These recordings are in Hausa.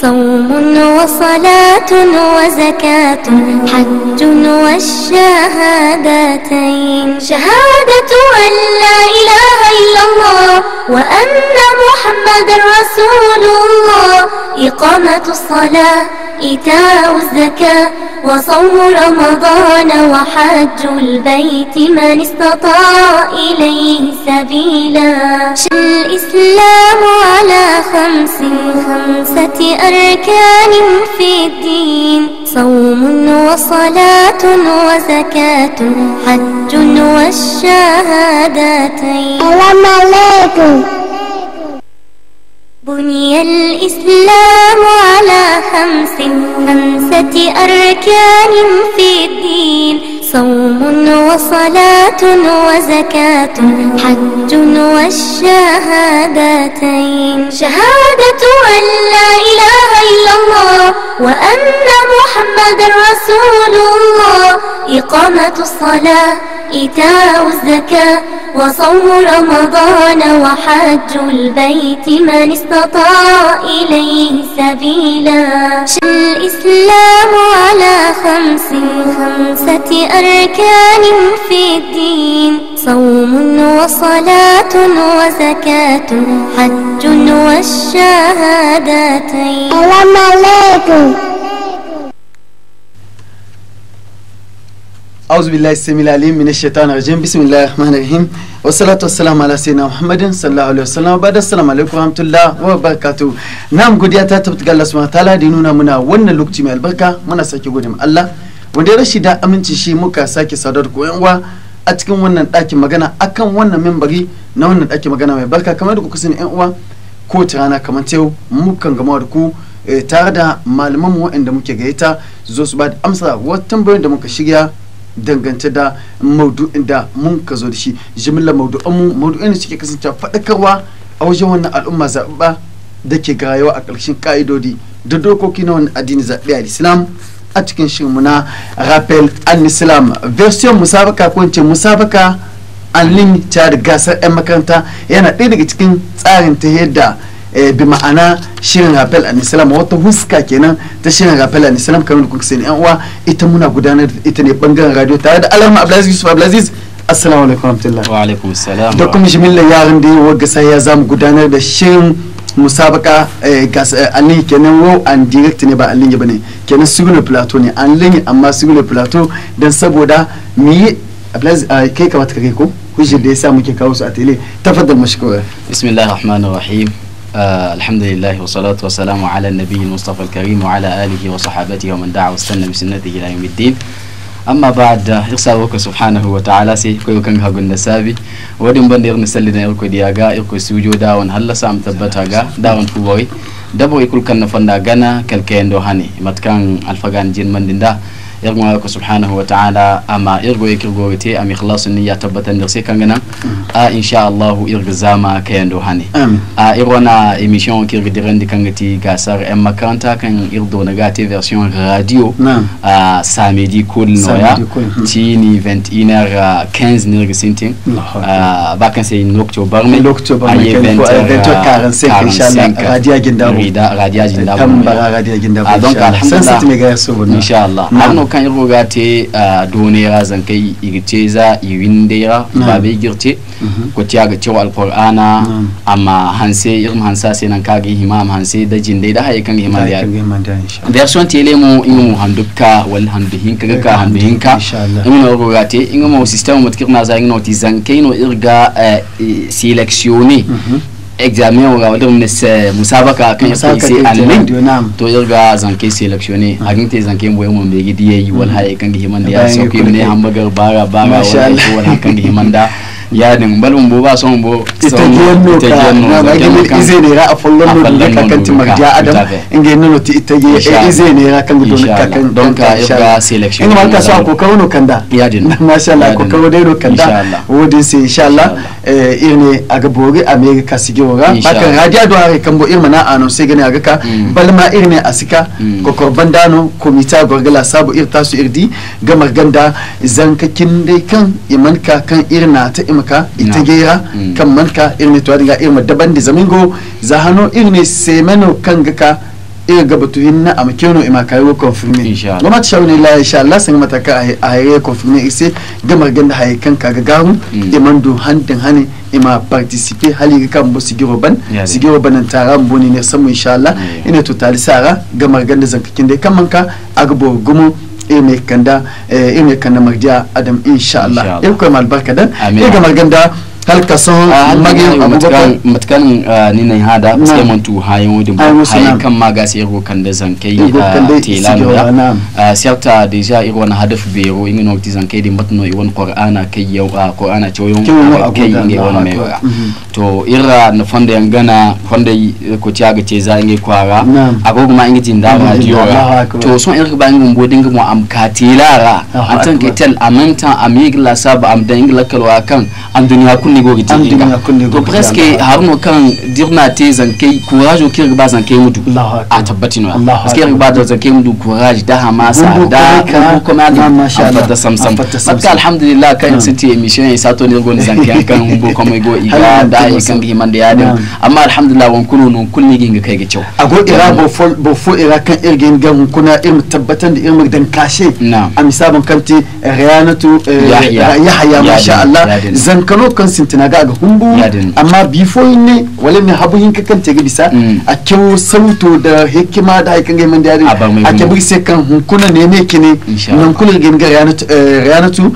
صوم وصلاة وزكاة حج والشهادتين شهادة أن لا إله إلا الله وأن محمد رسول الله إقامة الصلاة إيتاء الزكاة وصوم رمضان وحج البيت من استطاع إليه سبيلا الإسلام على خمس خمسة أركان في الدين صوم وصلاة وزكاة حج والشهادتين السلام عليكم بني الإسلام على خمس خمسة أركان في الدين صوم وصلاة وزكاة حج والشهادتين شهادة أن لا إله إلا الله وأن محمد رسول الله إقامة الصلاة إيتاء الزكاة وصوم رمضان وحج البيت من استطاع إليه سبيلا الإسلام على خمس خمسة أركان في الدين صوم وصلاة وزكاة حج والشهادتين السلام عليكم أعوذ بالله السميع العليم من الشيطان الرجيم بسم الله الرحمن الرحيم والصلاة والسلام على سيدنا محمد صلى الله عليه وسلم وبعد السلام عليكم ورحمة الله وبركاته نعم قد يتاتب تقال الله سبحانه وتعالى دينونا منا ون لكتمي البركة منا ساكي قدم الله wanda rashi da aminci shi muka sake sadar ko yan a cikin wannan ɗakin magana akan wannan membari na wannan ɗakin magana mai barka kamar da kuka sani yan uwa ko ta rana kamar ta yau mukan gama da ku eh, tare da malaman mu waɗanda muke gayyata zo su ba da amsa wata tambayoyin da muka shirya dangance da maudu'in da mun ka zo da shi jimillar mu maudu'in da suke kasancewa faɗakarwa a wajen wannan al'umma zaɓa da ke garayewa rayuwa a ƙarshen ƙa'idodi da dokoki na wannan addini zaɓe a islam a cikin shirinmu na rappel an islam version musabaka ko ce musabaka an lin ta da gasar 'yan makaranta yana ɗaya daga cikin tsarin ta yadda eh, bi ma'ana shirin rappel an islam wata huska kenan ta shirin rappel an islam kamar da kuka sani yan uwa ita muna gudanar da ita ne bangaren radio tare da alama abdulaziz yusuf abdulaziz assalamu alaikum wa alaikum salam da kuma shimillar yaran da yi wa gasa ya zamu gudanar da shirin musabaka gas alin kenan wo an direct ne ba alin ba ne kenan sigule plateau ne an linyi amma sigule plateau don saboda mu yi kai kamata ka kai ko hujjar da ya sa muke kawo su a tele tafaddal mashkura bismillahir rahmanir rahim الحمد لله والصلاة والسلام على النبي المصطفى الكريم وعلى آله وصحابته ومن دعا واستنى بسنته إلى يوم الدين amma ba da isa boko subhanahu wa ta'ala sai ko yau kan hagun da sabi wadin banda irin salli da irko diya ga irko sujo dawan wani halasa am tabbata ga dawan wani dabo ikulkan na fanda gana kalkayen dohani matkan alfagan jin mandinda يرمى سبحانه وتعالى أما إرغو يكرغورتي أم إخلاص النية تبتا نرسي كنغنا آه إن شاء الله إرغ زاما كيندو هاني آه إرغونا إميشيون كيرغ دي كنغتي غاسار أما كانتا كان إرغدو نغاتي فيرسيون راديو نعم. آه ساميدي كل نويا تيني 21 كنز نرغ سنتين آه، باكن سي نوكتو برمي نوكتوبر مي آه، كان آه، إن شاء الله راديا جندابو راديا جندابو تمبرا راديا جندابو آه دونك الحمد إن شاء الله نعم. kan yi roga te duniya zan kai irce za yara. ba bai girce ko mhm. tiya ga cewa alqur'ana amma hanse irin hansa sai nan kage himam hanse da jin dai da haye kan himam ya version tele mu in mu handukka wal handuhin ka ga handuhin ka in mu roga te in mu system mu tikna za yin no zan kai no irga selectione mhm. examen wanga wata mese ka kan ya sai alin to ga zanke ah. a agin te zanke boye mun be gidi yayi wal haye kan himan da ya sauke ne hamba gar bara bara wal haye kan himan da y'a din balun bo ba son bo ita no ka na gini ize ne ra fallon no da kakan ti magja adam inge no ti ita ye eh, ize ne ra kan gidon ka kan don ka ya selection inga malka so ko no kanda y'a yadin masha Allah ko kawo dai no kanda din sai insha Allah irne aga bogi amega kasigora baka radia do are bo irma na anon sai gani ga ka mm. balma irne asika ko mm. korbandano komita gorgala sabu su irdi gamar ganda zankakin dai kan imanka kan irna ta ita gera mm. kan manka irme to ga irma daban da zamin go za hano irin ne semeno kan gaka iya gabatu hinna am keno ima kayi kayo confirme inshallah ma tshawni la Allah sun mata ka a haye konfirmi ise gamar ganda haye kan ka ga iman mm. imandu handin hane ima participe hali ga kan bu sigiro ban sigiro ban tara mboni ne samu Allah ina to talisara gamar ganda zankakin dai kan manka agbo gumo e mai kanda e mai kanda magdiya adam insha Allah e kuma albarka dan e ga maganda hal ka ah, san magi matkan matkan ah, ni nan hada sai mun tu hayo din hay kan ma ga sai ko kan da zankai telan ah, da serta deja i wona hadaf be ro ingi nokti zankai din batno i won qur'ana kai yau qur'ana ce yon kai ingi wona me to irra na yan gana fonda ko tiaga ce za ingi kwara agogo ma yi jin da radiyora to son irga ba ingi mbodin ga mu am katilara an tan kai tel amantan amigla sab am da ingi lakalwa kan an duniya kun kunni go to presque haruno kan dirna te zankai courage o kirga mudu a tabbatino parce que ba da zankai mudu courage da da kan masha Allah da samsam alhamdulillah kan emission ne go ni kan go iga da kan bi man da amma alhamdulillah nun kai ga ira bo fo bo fo ira kan gan kuna irin tabbatan da irin kashe a kanti riyanatu eh, yahya masha Allah kan tinaga ga ga humbu amma before ne wala mi habu hin kan tege bisa mm. a kyau sauto da hikima da ai kan man dare a ke bi se kan hunkuna ne me kine nan kula ga ga yanatu yanatu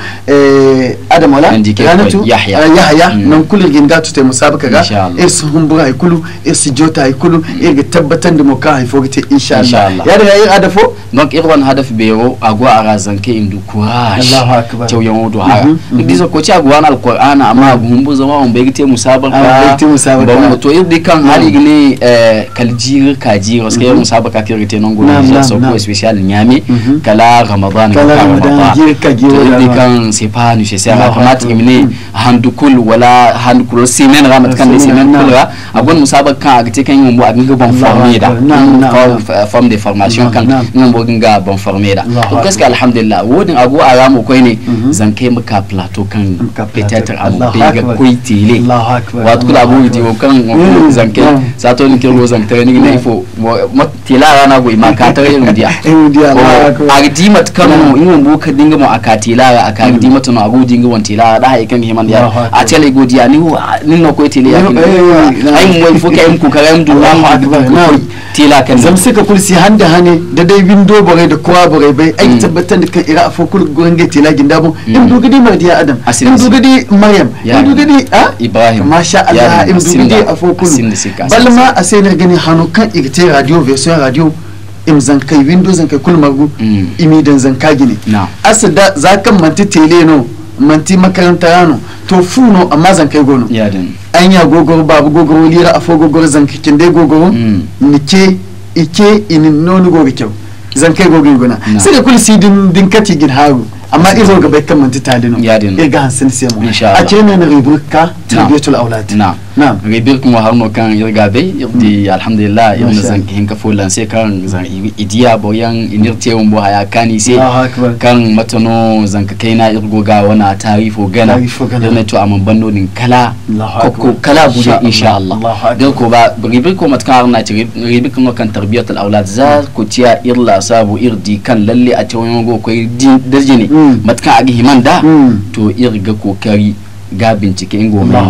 adam wala yanatu yahya eh, mm. nan kula ga ga tutai musabaka ga irsu er humbu ai kulu er irsu jota ai kulu mm. er ga tabbatan da muka haifo gite insha Allah ya da yayi adafo donc irwan hadaf beyo agwa arazanke indu courage Allahu akbar tawyan wudu mhm, ha dizo mhm. ko ci agwa alqur'ana amma agwa mbu zama on begte musabaka on ah, begte musabaka bon to yidi kan hali ne eh, kaljir kaji parce que mhm. musabaka ke rete non gona ça so ko special nyame mhm. kala ramadan kala ramadan jir kaji yidi kan c'est pas nécessaire ramat imne handukul wala handukul semaine ramat kan semaine kula agon musabaka agte kan mbu abin ga bon formé da form de formation kan mbu ga bon formé da to kaska alhamdulillah wodin abu aramu koy ne mhm. zan kai maka plateau kan peut-être abu ga koy tile wa tukul abu di o kan o mm. zanke mm. sa to ni kelo zanke ni ne fo mo tila rana go ima ka tare ni dia eh, a di mat kan mu mm. in mo ka dinga mo aka tila aka di mat no abu dinga won tila da ha ikan himan ya a tele go dia ni ni no koy tile ya eh, ai eh. mu fo ka im ku ka ram du Allahu akbar tila kan zam se ka kursi handa hane da dai windo bare da kowa bare bai ai tabbatar da kan ira fo kul gurin ga tila ginda in dogade mardiya adam in dogade maryam in didi a ah? ibrahim masha Allah in im didi a fokulu balma a sai na gani hanu kan igte radio version radio im zan kai windows zan kai kulmagu mm. imi dan zan ka gine za kan manti tele no manti makaranta yano to funo amma zan kai gono an ya gogoro babu gogoro lira a afo gogoro zan kikin dai gogoro mm. nike ike inin nonu gogo kyau zan kai gogo gona sai da kul sidin din kati gin haru amma izo ga bai kan manti talinu ya ga hansin sai mu a na rubrika tarbiyatul aulad na'am ngai bir kuma harno kan irga be irti mm. alhamdulillah irna zan hin ka fulan sai kan zan idiya boyan inirte won bo haya kani sai kan matano zan ka kaina irgo ga wana tarifo gana irna to amman banno din kala ko kala buje insha Allah bir ko ba bir ko matkan harna ti bir kuma kan tarbiyatul aulad za mm. ko tiya irla sabu irdi kan lalle a tawon go ko irdi dajini matkan mm. agi himanda to irga kokari ga bincike ingo mai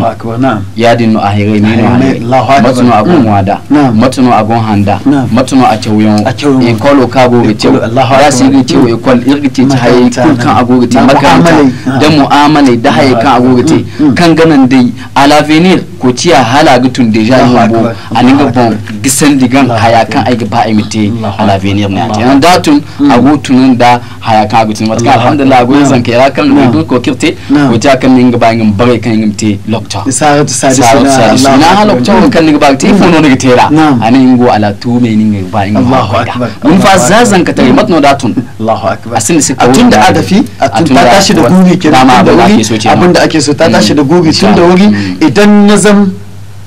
yadin no ahire ni no matuno gon mm. wada matuno gon handa matuno a cewyon in kolo ka gobe cewu ya si ni cew e kol mm. irgiti ci haye kun kan a te makaranta da mu'amale da haye kan a te mm. kan ganan dai alavenir l'avenir ko ciya hala gutun bo a ninga bon gisan digan haya kan aiki ba imite a l'avenir ne ati nan datun agutunun da haya kan agutun matka alhamdulillah agogo zan kai kan ko kirte ko ta kan ninga ba kan bare kan ingam te lokta sara to sadi suna na lokta ko kan ba te fono ne tera ana ingo ala tu me ninga ba ingo Allahu akbar mun fa zazan ka tare matno datun Allahu akbar asin se atun ada fi atun ta tashi da gugi kenan abinda ake so ta tashi da mm. gugi tun da wuri mm. mm. idan na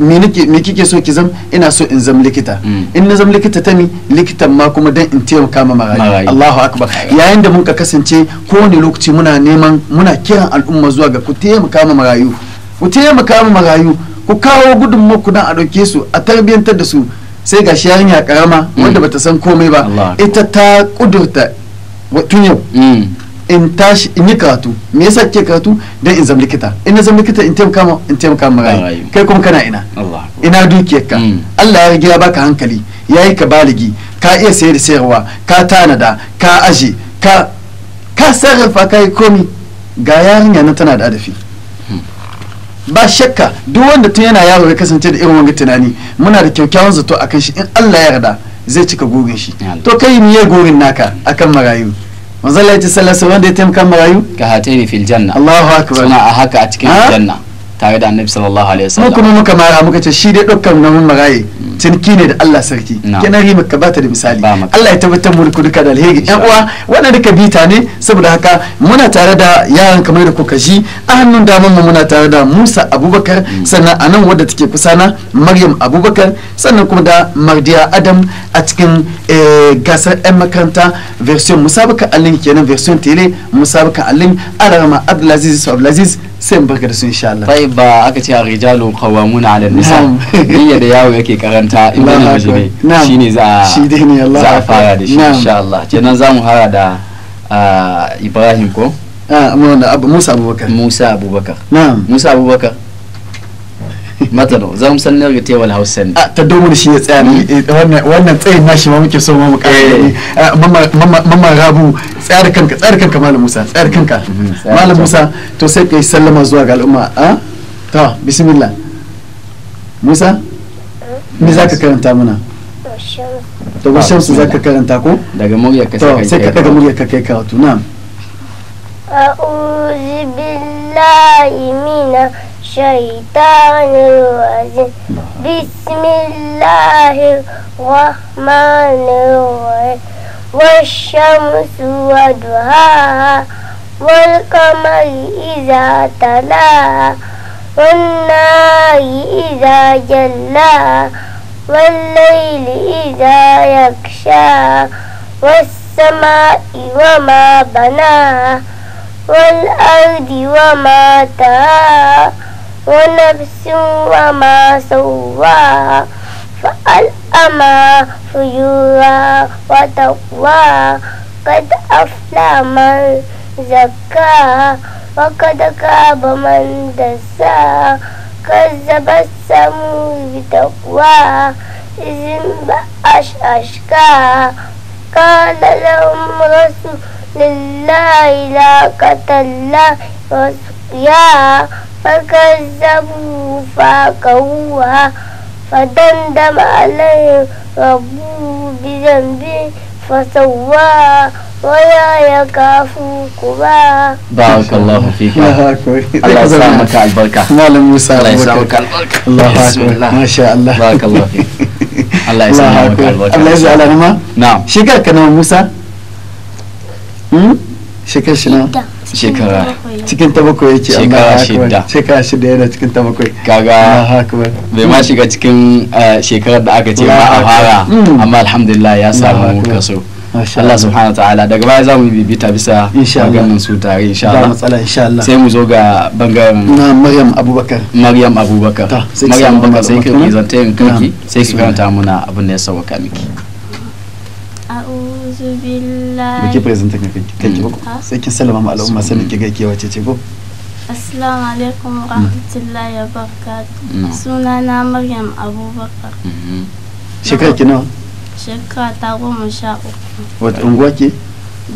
me nake me kike so ki zam ina so in zam likita hmm. in na zam likita ta ni likitan ma kuma dan in taimaka ma marayu Allahu akbar yayin da muka kasance kowane lokaci muna neman muna kiran al'umma zuwa ga ku taimaka ma marayu ku taimaka ma marayu ku kawo gudunmu ku dan a dauke su a tarbiyantar da su sai ga shi yarinya karama hmm. wanda bata san komai ba ita ta kudurta tun yau hmm. in tashi in yi karatu me yasa ke karatu dan in zama likita ina zama likita in taimaka ma in taimaka ma rai kai kuma kana ina ina dukiyar ka hmm. Allah ya ya ya baka hankali yayi ka baligi ka iya sayar da sayarwa ka tanada ka aje ka ka sarrafa kai komi ga yarinya na tana da adafi hmm. ba shakka duk wanda tun yana yaro ya kasance da irin wani tunani muna da kyakkyawan zato akan shi in Allah ya yarda zai cika gurin shi to kai miye gurin naka akan marayu manzo Allah ya ce sallallahu alaihi wanda ya taimaka marayu ka hatani fil janna Allahu akbar suna a haka a cikin janna tare da annabi sallallahu alaihi wasallam kuma muka mara muka ce shi dai dukkan namun magaye mm. cinki ne da Allah sarki kina rima ka bata da misali Allah ya tabbatar mu duka da alheri yan uwa wannan ka bita ne saboda haka muna tare da yaran kamar da kuka ji a hannun damar mu muna tare da Musa Abubakar mm. sannan a nan wadda take kusa na Maryam Abubakar sannan kuma da Mardiya Adam a cikin eh, gasar yan makaranta version musabaka alin kenan version tele musabaka allin Arama Abdulaziz Abdulaziz sai bakar sun da su insha Allah tayi ba aka ce rijalu qawamuna ala nisa niyya da yawo yake karanta in wani shi ne shine za za a fara da shi insha Allah kenan zamu fara da Ibrahim ko ah, Musa Abubakar Musa Abubakar Musa Abubakar matano za mu san daga tewal hausan a ta domin shi ya tsaya eh, wannan tsayin nashi ma muke so ma mu kare eh. mamma rabu tsayar kanka tsayar kanka malam musa tsayar kanka mm-hmm, malam musa to sai kai sallama zuwa ga al'umma a to bismillah musa me za ka karanta mana to bashan su za ka karanta ko daga murya ka sai ka daga murya ka kai karatu na أعوذ بالله من الشيطان الرجيم بسم الله الرحمن الرحيم والشمس وضحاها والقمر إذا تلاها والنار إذا جلاها والليل إذا يغشاها والسماء وما بناها والأرض وما تهاها ونفس وما سواها فألأما فجورا وتقوى قد أفلى من زكاها وقد كاب من دساها كذب السمو بتقواها إذ انبأش أشكاها قال لهم رسول الله لا قتل الله وسقيا فكذبوا فعقروها فدمدم عليهم ربه بذنبه فسواها ولا يكاف كباها بارك الله فيك الله يسلمك على البركة مالك موسى الله يسلمك على البركة الله أكبر ما شاء الله بارك الله فيك الله يسلمك على البركة الله يجعلنا نعم شكرا كنا موسى 嗯。shekara shida shekara cikin ta bakwai shekara shida shekara shida yana cikin ta bakwai kaga bai ma shiga cikin shekarar da aka ce ba a fara amma alhamdulillah ya samu kaso Allah subhanahu wa ta'ala daga baya za mu bibita bisa maganin su tare insha Allah sai mu zo ga bangaren Maryam Abubakar Maryam Abubakar Maryam Abubakar sai ka zanta yin kanki sai ki karanta muna abin da ya sauka miki billahi. Baki presentin ka kanki ko sai kin sallama ma al'umma sanin ki gaike wace ce ko? Assalamu alaikum wa mm-hmm. rahmatullahi wa barakatuh. Suna na Maryam Abubakar. Mm-hmm. Shekara ki nawa? Shekara ta goma sha uku. Wata unguwa ke?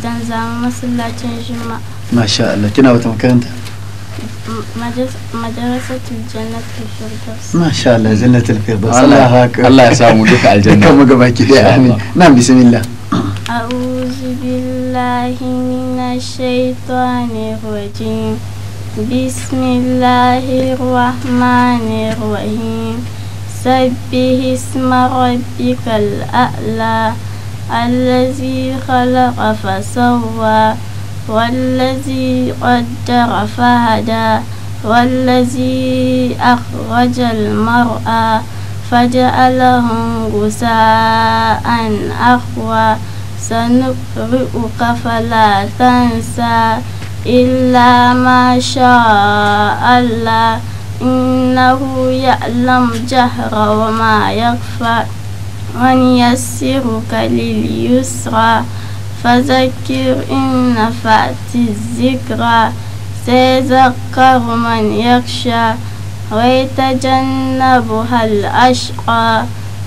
Dan zama masallacin Juma'a. Masha Allah kina wata makaranta? madrasatul jannatul firdaus masha Allah jannatul firdaus Allah ya samu duka aljanna duka mu gabaki daya amin na bismillah أعوذ بالله من الشيطان الرجيم بسم الله الرحمن الرحيم سبح اسم ربك الأعلى الذي خلق فسوى والذي قدر فهدى والذي أخرج المرأى فجعلهم غساء أخوى سنقرئك فلا تنسى إلا ما شاء الله إنه يعلم جهر وما يخفى ونيسرك لليسرى فذكر إن نفعت الذكرى سيذكر من يخشى ويتجنبها الأشقى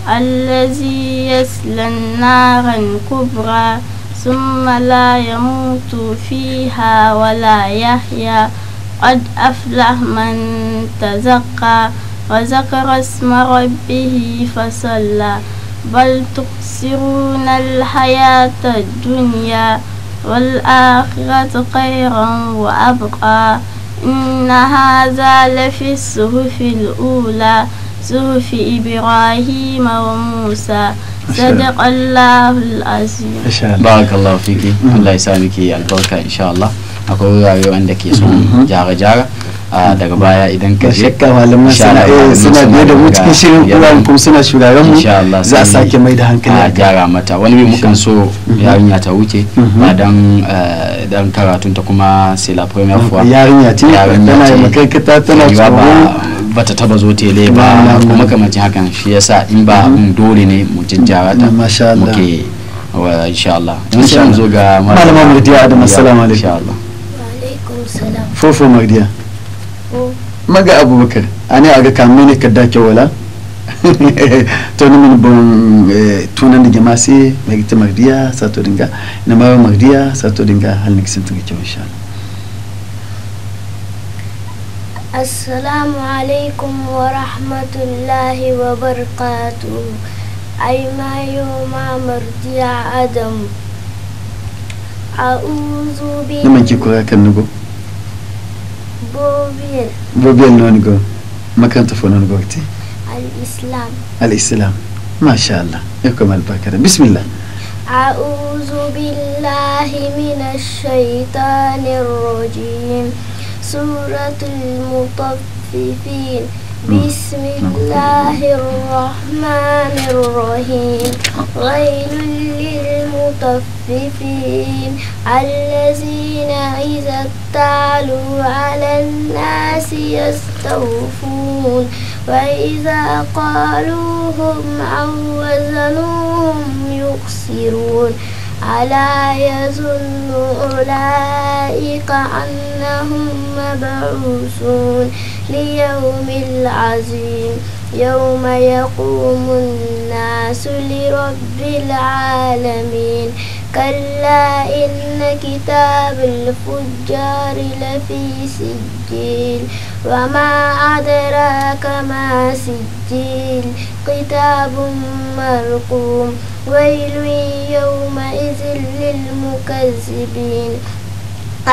الذي يسلى النار الكبرى ثم لا يموت فيها ولا يحيا قد أفلح من تزكى وذكر اسم ربه فصلى بل تقصرون الحياة الدنيا والآخرة خيرا وأبقى inna haza lafi suhufi ula suhufi ibrahima wa musa sadaƙa Allahul Azim. Allah ya sa miki albarka insha Allah akwai wurare wanda ke son jara-jara. a ah, daga baya idan ka je shakka malaman suna suna biye da mu cikin shirin kuran kuma suna shugaban mu za a sake mai da hankali a gyara mata wani bi mukan so mhm. yarinya ta wuce mhm. ba dan eh, dan karatun ta kuma c'est la première ah, fois yarinya ce tana makarkata tana tsoro bata taba zo tele ba ko makamancin hakan shi yasa in ba mhm. dole ne mu jinjara ta muke wa insha Allah mun san zo ga malama murdiya da assalamu alaikum fofo murdiya maga abubakar ani aga kamene ka ke wala to ni min bon eh, tunan da jama'a sai mai ta magdiya sa to dinga ina ma magdiya sa to dinga hal kisan tunga kyau insha Assalamu alaikum wa rahmatullahi wa barakatuh ai ma yau ma mardiya adam a'udhu bi Ni man ki kura kan nugo بوبيل بوبيل نونجو مكان تفون أنا قلتي الإسلام الإسلام ما شاء الله يكم البركة بسم الله أعوذ بالله من الشيطان الرجيم سورة المطففين بسم الله الرحمن الرحيم ويل للمطففين الذين إذا اتعلوا على الناس يستوفون وإذا قالوهم أو وزنوهم يخسرون ألا يظن أولئك أنهم مبعوثون ليوم العظيم يوم يقوم الناس لرب العالمين كلا إن كتاب الفجار لفي سجيل وما أدراك ما سجيل كتاب مرقوم ويل يومئذ للمكذبين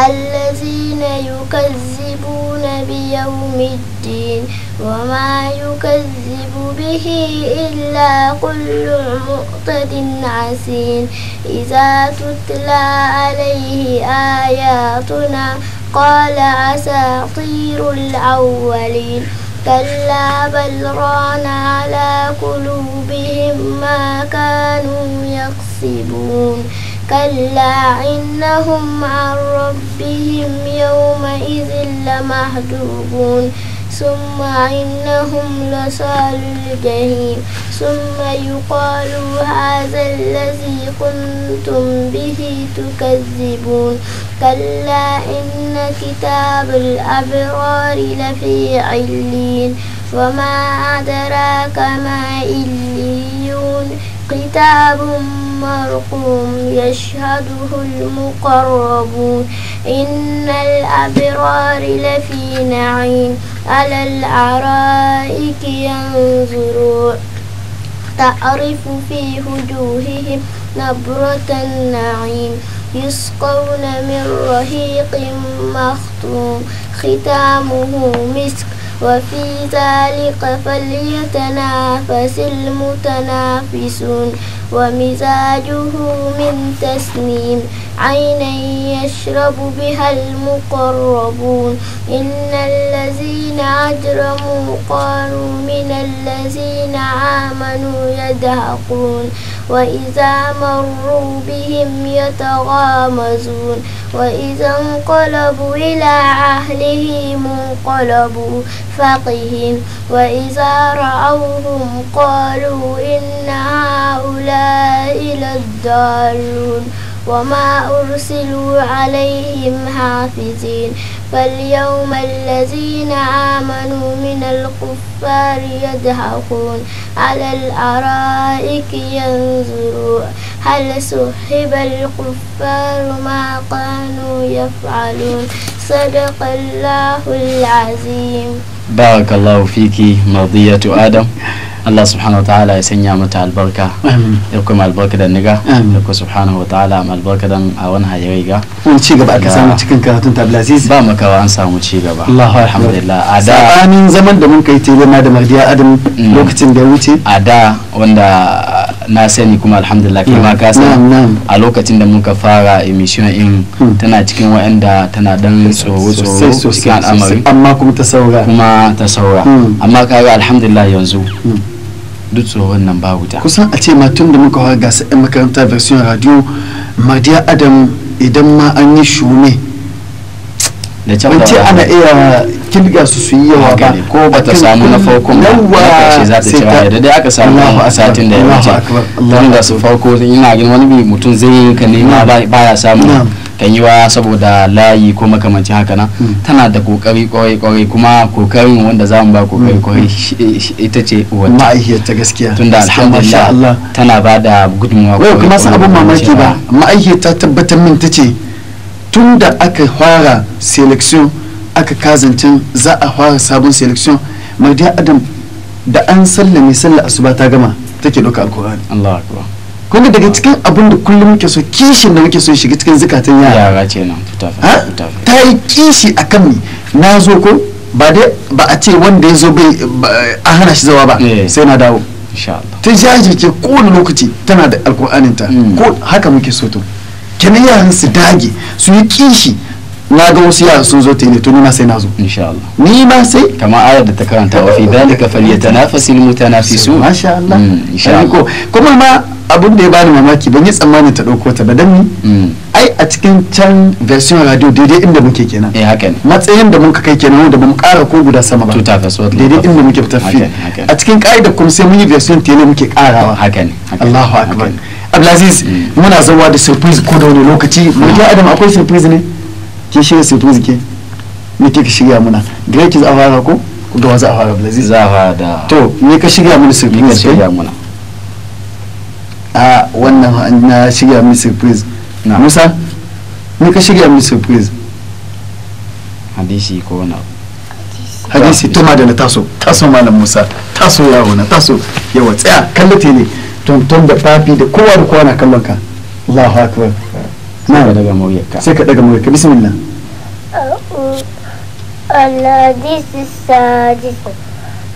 الذين يكذبون بيوم الدين وما يكذب به إلا كل معتد عسين إذا تتلى عليه آياتنا قال أساطير الأولين كلا بل ران على قلوبهم ما كانوا يكسبون كلا إنهم عن ربهم يومئذ لمحجوبون ثم إنهم لصال الجحيم ثم يقال هذا الذي كنتم به تكذبون كلا إن كتاب الأبرار لفي علين وما أدراك ما إليون كتاب مرقوم يشهده المقربون إن الأبرار لفي نعيم على الأرائك ينظرون تعرف في وجوههم نبرة النعيم يسقون من رهيق مختوم ختامه مسك وفي ذلك فليتنافس المتنافسون ومزاجه من تسنيم عينا يشرب بها المقربون إن الذين أجرموا قالوا من الذين آمنوا يدهقون وإذا مروا بهم يتغامزون وإذا انقلبوا إلى أهلهم انقلبوا فقهم وإذا رأوهم قالوا إن هؤلاء لضالون وما أرسلوا عليهم حافظين فاليوم الذين آمنوا من الكفار يضحكون على الأرائك ينظرون هل سحب الكفار ما كانوا يفعلون صدق الله العظيم بارك الله فيك مرضية آدم Allah subhanahu ta'ala ya sanya mata albarka ya kuma albarka da niga da ku subhanahu wataala albarka dan a wani hayarai ga wani ci gaba aka samu cikin karatun tablasis ba makawa an samu ci gaba Allah alhamdulillah a da sabanin zaman da mun kai tele ma da mardiya Adam mm. lokacin da wuce a wanda na sani kuma alhamdulillah kai ma ka san a lokacin da muka fara emission in hmm. tana cikin wa'anda tana dan tsoro tsoro cikin al'amari amma kuma ta saura kuma ta saura hmm. amma kai alhamdulillah yanzu hmm. duk tsoron nan ba wuta kusan a ce ma da muka fara gasar 'yan makaranta version radio madiya adam idan ma an yi shume da can ana iya tilga su su yi yawa ba ko ba ta samu na farko ba na za ta cewa da dai aka samu a satin da ya wuce don da su farko ina gani wani bi mutum zai yi ka nema ya samu kan yi wa saboda layi ko makamancin haka nan hmm. tana da kokari kwarai kwarai kuma kokarin wanda za mu ba kokari kwarai hmm. ita ce wata ma'aikiyarta gaskiya da alhamdulillah tana ba da gudunmawa kwarai kuma sun abin mamaki ba ma'aikiyar ta tabbatar min ta ce tun da aka fara selection aka kazancin za a fara sabon selection mai adam da an sallame sallar asuba ta gama take doka alkur'ani Allah akbar daga cikin abin da kullum muke so kishin da muke so shiga cikin zukatan yara yara ce nan ta yi kishi a kan ni na zo ko ba dai ba a ce wanda ya zo bai a hana shi zawa ba eh. sai na dawo ta jajirce kowane lokaci tana da ta hmm. ko haka muke so to kenan yaran su dage su yi kishi na ga wasu yara sun zo tele to nima sai na zo insha Allah ni ma sai kamar ayar da ta karanta wa fi dalika falyatanafasil mutanafisu masha Allah mm, insha Allah kuma ma abun da ya bani mamaki ban yi tsammanin ta dauko ta ba dan ni mm. ai a cikin can version radio daidai inda muke kenan eh haka ne matsayin da muka kai kenan wanda bamu ƙara ko guda sama ba tuta ta suwat daidai inda muke tafi a cikin ƙa'ida kuma sai mun yi version tele muke karawa haka ne Allahu akbar Abdulaziz mm. muna zawa da surprise ko da wani lokaci mun ji Adam akwai surprise ne ke shirya sai to zike me ke ka shirya muna gare ki za a fara ko ku ga za a fara blazi za a da to me ka shirya muna surprise ka shirya muna a wannan na shirya mini surprise na musa me ka shirya mini surprise hadisi ko na. hadisi tuma da na taso taso malam musa taso yawo na taso yawa tsaya kallate ne tuntun da fafi da kowa da kowa na kallon ka Allahu akbar نعم دقا مويكا سيكا دقا مويكا بسم الله الحديث السادس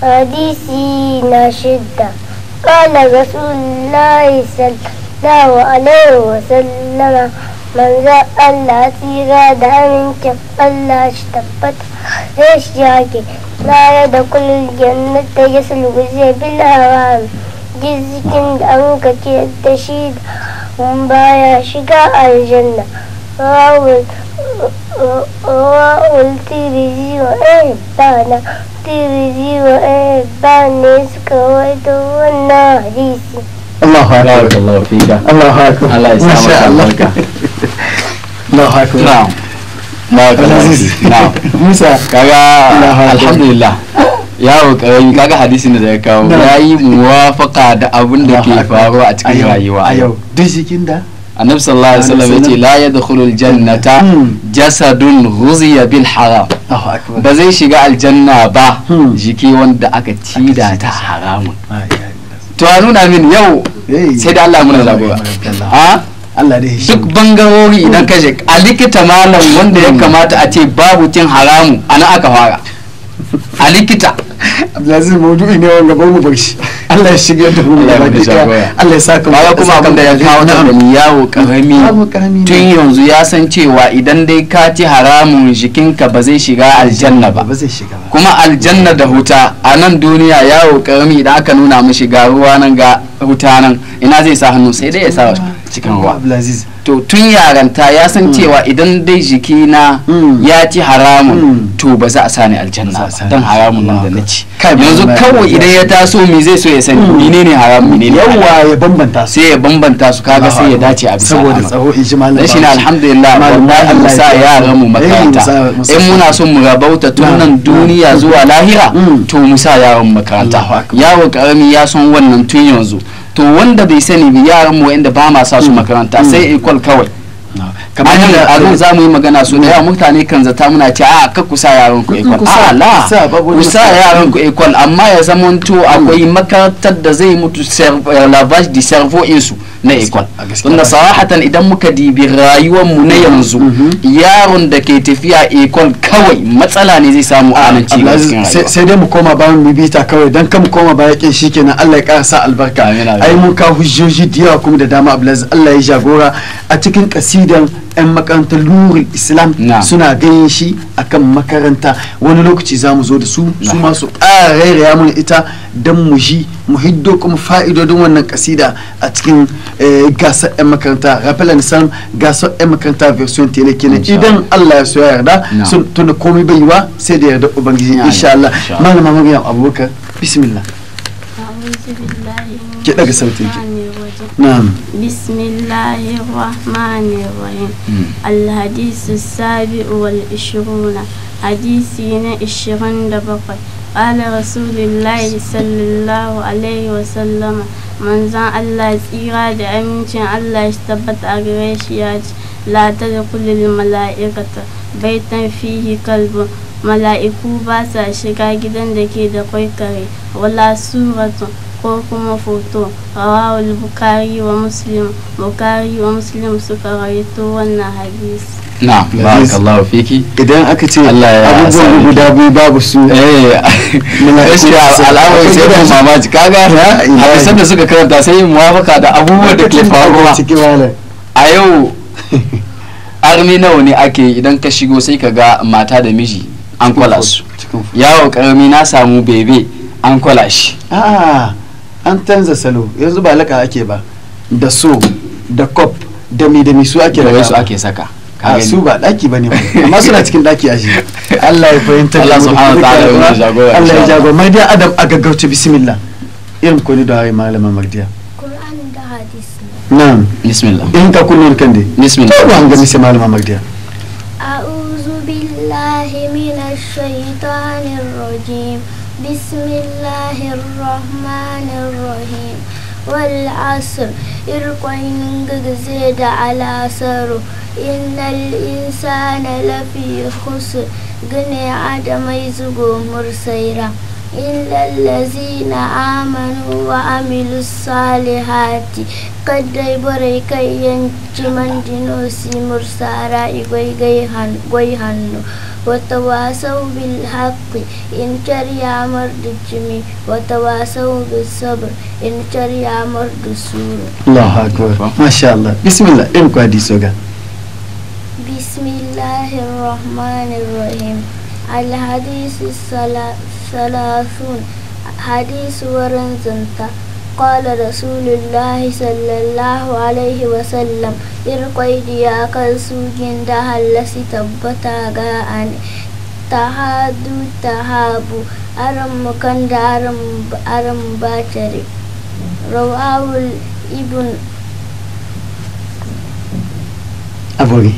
حديثي نشدة قال رسول الله صلى الله عليه وسلم من ذا الله من منك الله اشتبت ليش جاكي لا كل الجنة يسلك زي بالهوام جزك أنك كي تشيد mutum baya shiga aljanna rawul tiriji wa bana tiriji wa bane suka waito wannan hadisi Allahu akbar Allahu fika Allahu akbar Allah ya sa maka Allahu akbar na'am na'am Musa kaga alhamdulillah yawo karami kaga hadisin da zai kawo ya yi muwafaka da abin da ke faruwa a cikin rayuwa a yau duk jikin da annabi sallallahu alaihi wasallam yace la yadkhulu aljannata hmm. jasadun ghuziya bil haram ba zai shiga aljanna ba hmm. jiki wanda aka cida ta haramun to a nuna min yau sai da Allah muna zagora ha ah? duk bangarori idan ka a likita malam wanda ya hmm. kamata a ce babu cin haramu ana aka fara a likita abdulaziz maudu'i ne wanda ba mu bar shi Allah ya shiga da mu da da Allah ya saka mu kuma abin da ya kawo na mu yawo karami tun yanzu ya san cewa idan dai ka ci haramun jikinka ba zai shiga aljanna ba kuma aljanna da huta a nan duniya yawo karami da aka nuna mu shiga ruwa nan ga huta nan ina zai sa hannu sai dai ya sa wa. cikin ruwa to tun yaranta ya san mm. cewa idan dai jiki na mm. ya ci haramun mm. to ba za a sani aljanna dan haramun nan da na ci yanzu kawai idan ya taso me zai so ya sani mene ne haram mene ne yawa ya bambanta sai ya bambanta su kaga sai ya dace a bisa saboda tsaho in shi malam shi ne alhamdulillah wallahi Allah sa yaran mu eh, makaranta in muna son mu rabauta tun nan duniya zuwa lahira to mu sa yaron makaranta yawon karami ya san wannan tun yanzu to wanda bai sani bi yaran mu wanda ba ma sa su mm. makaranta sai mm. equal kawai ah, kamar yadda a za mu yi magana su da yawa mm. mutane kan zata muna ce a ah, ka kusa yaran ku equal a la kusa yaran ku equal amma ya zamanto akwai makarantar da zai mutu eh, lavage di cerveau insu na ikon tunda sawahatan idan muka dibi rayuwar mu na mm-hmm. yanzu mm-hmm. yaron da ke tafiya ikon kawai matsala ne zai samu anan ci sai dai mu koma bayan mu bita kawai dan kan mu koma baya kin shikenan Allah ya ƙara sa albarka ai mu ka hujjoji da yawa kuma da dama Abdulaziz Allah ya jagora a cikin kasidan 'yan makarantar nurul islam suna ganin shi akan makaranta wani lokaci za mu zo da su su masu ƙara rairaya mana ita don mu ji mu hiddo kuma fa'idodin wannan kasida a cikin eh, gasar 'yan makaranta rafael nisan gasar 'yan makaranta version tele kenan idan allah ya soya yarda sun tunda komai bai yiwa sai da yarda ubangiji insha allah malama maryam abubakar bismillah ki daga sautin ki نعم بسم الله الرحمن hadisi الحديث السابع والعشرون حديثنا عشرين دبقي قال رسول الله صلى الله عليه وسلم من زان الله tsira da amincin Allah shi tabbata a gare shi ya ce la tadkhulul mala'ikata baitan fihi kalbun mala'iku ba sa shiga gidan da ke da kwai kare wala suratun ko kuma foto rawahul bukari wa muslim bukari wa muslim suka rawaito wannan hadisi na barakallahu fiki idan aka ce abubuwan guda biyu babu su eh al'amari sai mun mamaji kaga a bisan da suka karanta sai yin muwafaka da abubuwan da ke faruwa a yau armi nawa ne ake idan ka shigo sai ka ga mata da miji an kwala su yawo karami na samu bebe an kwala shi ah. an canza salo yanzu ba laka ake ba da so da kop da mi da mi su ake da su ake saka a su ba daki bane amma suna cikin daki a shi Allah ya fahimta Allah subhanahu wa ta'ala ya jagora Allah ya jagora mai da adam a gaggauce bismillah irin ko ni da hayi malama magdiya Qur'an da hadisi na'am bismillah in ka kullun kan dai bismillah to an ga mi sai malama mardiya a'udhu billahi minash shaitanir rajim bismillahir rohman irra bayanin walasar irko yin gijije da aladarsa roh lafi lalacewar kusan gani ya adama ya yi إلا الذين آمنوا وعملوا الصالحات قد بري كي ينجمن جنوسي مرسارا إغيغيهن وتواسوا بالحق إن شري مرد الجميع وتواسوا بالصبر إن شري مرد السور الله أكبر ما شاء الله بسم الله إلكو سوغا بسم الله الرحمن الرحيم الحديث الصلاة ثلاثون حديث ورنزنتا قال رسول الله صلى الله عليه وسلم irkwai diya sugin da halasi tabbata ga an tahadu tahabu aran mukan da aran batare rawawul ibn abogi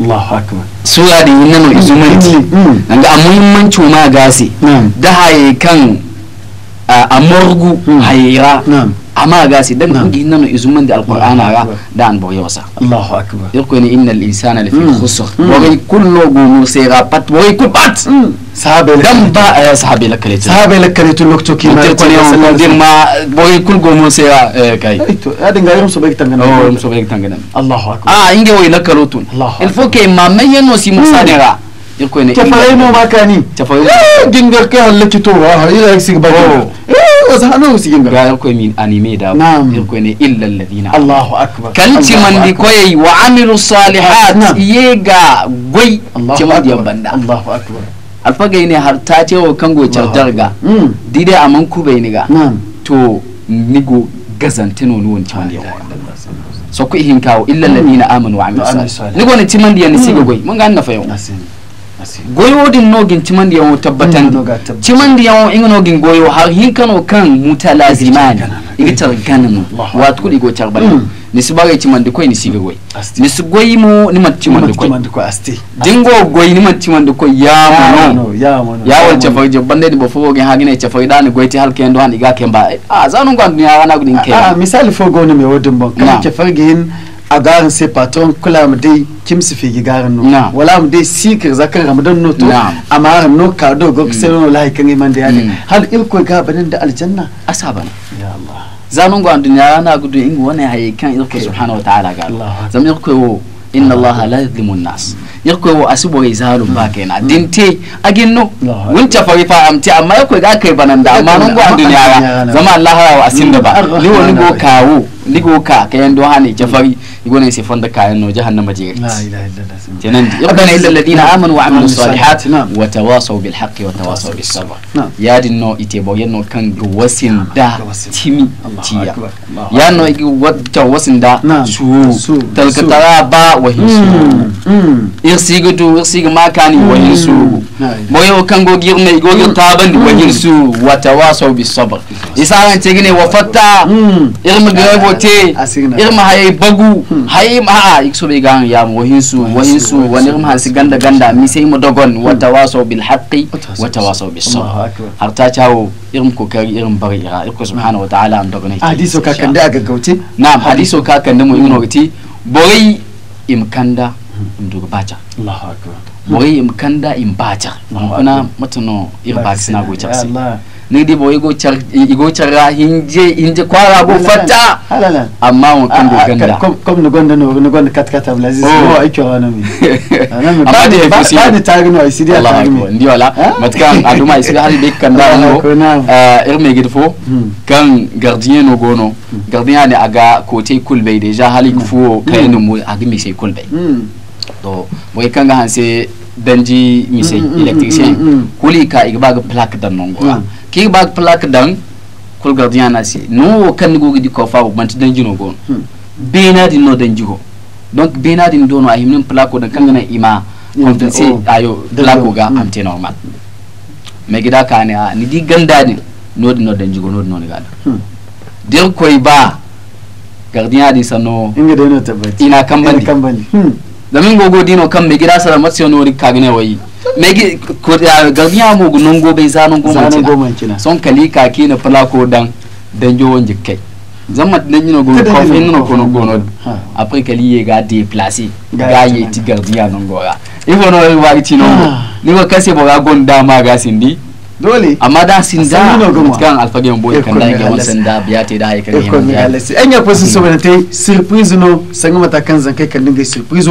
Allahu akbar sura da yin mm. nan izumenti Nga ga muhimmanci ma gasi da haye kan a morgu hayira amma gasi dan kungi nan izuman da alqur'ana ga da an boye wasa Allahu akbar yako ni innal insana lafi khusr wa bi kullu gumu sayra pat wa kul pat sahabe dan ba ya sahabe lakale sahabe lakale to lokto ki ma ko ne dir ma boye kul gumu sayra kai to adin ga yum sobe tangana oh yum sobe tangana Allahu akbar ah inge wo lakalo tun il faut que ma mayeno si musadira ikone tafare mo makani tafare eh, gingar kai halaki to wa har ila sig ba o oh. eh, zano sigin ga ko min anime da ko ne illa alladhina Allahu akbar kalci man di koyi wa amilu salihat ye ga goy cewa diyan banda Allahu akbar alfaga ne har ta ce wa kango chartar ga dide aman ku bai ni ga to nigo gazantino nuwan cewa diyan so ku ihin kawo illa alladhina amanu wa amilu salihat nigo ne timan diyan sigin hmm. goy mun ga annafa yau goyo din nogin timandi yawo tabbatan timandi yawo inga nogin goyo har hinkano kan muta lazimani igitar ganin wat kudi go mm. ni su bare timandi koy nisi ni su goy mo ni mat timandi koy asti dingo goy ni mat timandi koy ya mono ya mono ya wal chafar je bande bo fo gen hagine chafar dan goy ti halke ndo han iga kemba a ah, zanun gwan ni ara na gudin ah, ke a misali fo go ne me wodin bon kan chafar gen a garin sai patron kula mu dai kim su figi garin no wala mu dai sikir zakar ramadan no to amma ran no ka do go sai mm. no lai kan iman da yani mm. hal il ko ga banin da aljanna asaban ya allah zaman go duniya na gudu ingu wani haye kan il ko subhanahu wa ta'ala ga zam ko wo inna allah la yadhlimu an-nas irko wo asibo ga zalu ba kaina mm. dinte agin no mun ta fari fa amti amma ko ga kai banan da amma non go duniya zaman allah wa asinda ba ni woni go kawo ni go ka kayan do hane jafari يقول يصفون أنه جهنم جيرت لا إله إلا الله ربنا إلا الذين آمنوا وعملوا الصالحات وتواصوا بالحق وتواصوا بالصبر يا دينو إتبو ينو كان وسن دا تيمي تيا يا نو ودا وسن دا سو تلك ترى با وهنسو إرسيغ دو إرسيغ ما كان وهنسو بويو كان غو غيرنا غو تابن وهنسو وتواصوا بالصبر إسا أنت تجني وفتا إرم غريبوتي إرم هاي بغو hay ma be gan ya mo hinsu wa hinsu wa nirim si ganda ganda mi sai mu dogon wa hmm. tawaso bil haqqi wa tawaso bis sabr har ta tawo irin kokari irin bari ira ikko subhanahu wa ta'ala am dogon hadiso ka kande aga gauti na'am hadiso ka kande mo ibn wati borai imkanda imdugo bacha allahu akbar boyi imkanda imbacha kuna matano irba na go chasi ni di boy go char go charra hinje hinje kwara go fatta halala amma mun kan ah, ah, ganda kom kom no no no gonda kat kat ablaziz no oh. ay ko ana mi ana mi ba de ba de tagi no isidi Allah mi ndi wala matkan aduma isidi hal de kan da no eh irme gidfo hmm. kan gardien no gono hmm. gardien ne aga kote kulbe deja hali hmm. fo kayinu mu agimi sai kulbe to boy kan ga hanse danji mi sai electricien kuli ka igba ga plaque dan nongo ki ba plak dan kul gardien na si no kan go gidi ko fa banti dan jino gon hmm. bena di no dan jigo donc bena di do no ahimnin plak dan kan na ima compenser ayo la go ga hmm. amte normal me gida ka ne ni di ganda ne no di no dan jigo no di no ga dir koy ba gardien di sano inga de no tabbati ina kan bandi kan bandi zamin hmm. gogo dino kan me gida sara matsiyo no ri kagne wayi megi garbiya mu gunun gobe nan goma cina goma kina son kali ka na fala ko dan dan kai zan zama dan yino gono kofi ina kono gono après kali ye ga déplacer ga ye ti garbiya nan gora ifono ti no ni ko kase bo ga gon dama ga sindi dole amma da sin da kan alfagen boy kan da ga wannan sanda biya te da hay kan yan ya lasi an ya fasu saboda tai surprise no san ga kan zan kai kan dinga surprise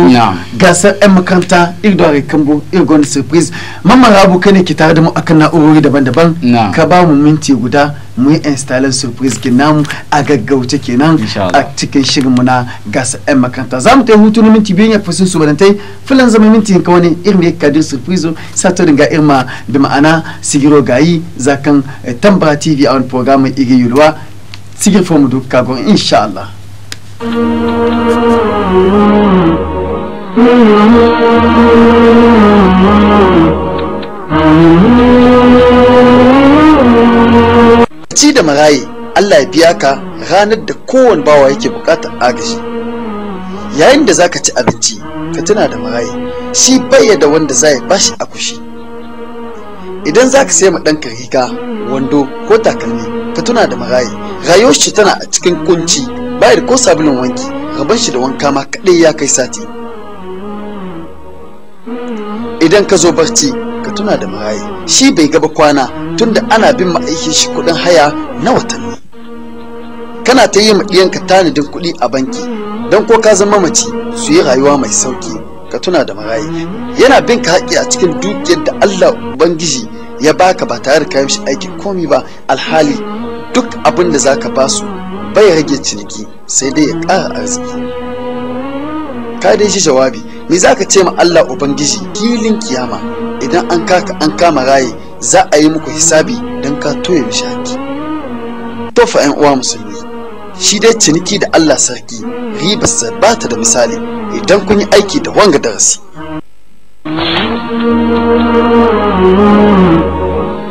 ga sar ɗan makanta ir da kambo ir surprise mamma rabu kane ki tare da mu akan na'urori daban-daban ka ba mu minti guda mu yi installing surprise kenan a gaggauce kenan a cikin shirinmu na gas 'yan makaranta za mu ta yi hutu na minti biyu ya fi sun subalantai filan zama minti ka wani irin ya kadin surprise sa ta dinga irma da ma'ana sigiro gayi zakan eh, tambara tv a wani program iri yulwa sigir fomu duk kagon insha Allah. ci da maraye Allah ya biya ka ranar da kowane bawa yake bukatar agaji yayin da zaka ci abinci ka tuna da maraye shi baya da wanda za ya bashi a kushi idan zaka sai ma ɗanka riga wando ko takalmi ka tuna da maraye rayuwar shi tana a cikin kunci bayar ko sabulun wanki rabon shi da wanka ma kaɗai ya kai sati idan ka zo barci tuna da marayi shi bai gaba kwana tunda ana bin ma aikin shi kuɗin haya na watanni kana ta yi ɗiyanka tanadin kuɗi a banki don ko ka zama mace su yi rayuwa mai sauki ka tuna da marayi yana bin ka haƙƙi a cikin dukiyar da Allah Ubangiji ya baka ba tare da kayan shi aikin komi ba alhali duk abin da zaka basu bai rage ciniki sai dai ya ƙara arziki ka dai shi jawabi me za ka ce ma Allah ubangiji filin kiyama idan an kaka an kama raye za a yi muku hisabi don ka toye mishaki to fa yan uwa musulmi shi dai ciniki da Allah sarki riba ba da misali idan kun yi aiki da wanga darasi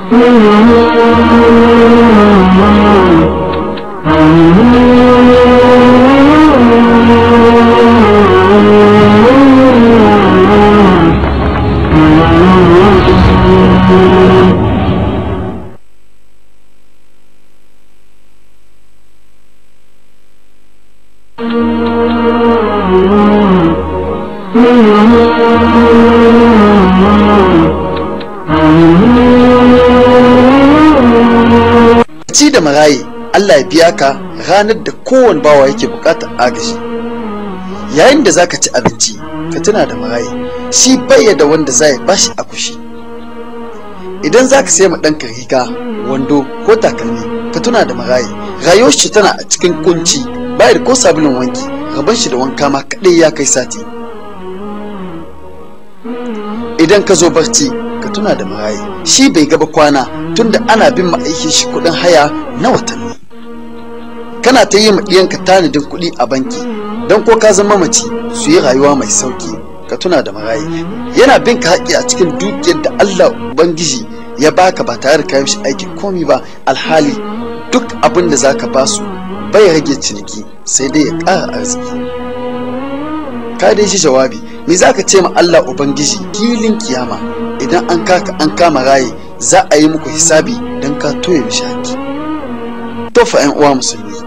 Thank you. ci da marayi Allah ya biya ka ranar da kowane bawa yake bukatar agaji yayin da zaka ci abinci ka tuna da maraye shi baya da wanda zai bashi a kushi idan zaka sai ma ɗanka riga wando ko takalmi ka tuna da maraye rayuwar tana a cikin kunci bayar ko sabulun wanki rabon shi da wanka ma kaɗai ya kai sati idan ka zo barci ka tuna da maraye shi bai gaba kwana tunda ana bin aikin shi kuɗin haya na watanni kana ta yi ma ɗiyanka tanadin kuɗi a banki don ko ka zama mace su yi rayuwa mai sauki ka tuna da marayi yana bin ka haƙƙi a cikin dukiyar da Allah ubangiji ya baka ba tare da kayan shi aikin komi ba alhali duk abin da zaka ba su bai rage ciniki sai dai ya ƙara arziki ka dai shi jawabi me zaka ce ma Allah ubangiji filin kiyama idan an kaka an kama raye za a yi muku hisabi don ka toye mishaki to fa 'yan uwa musulmi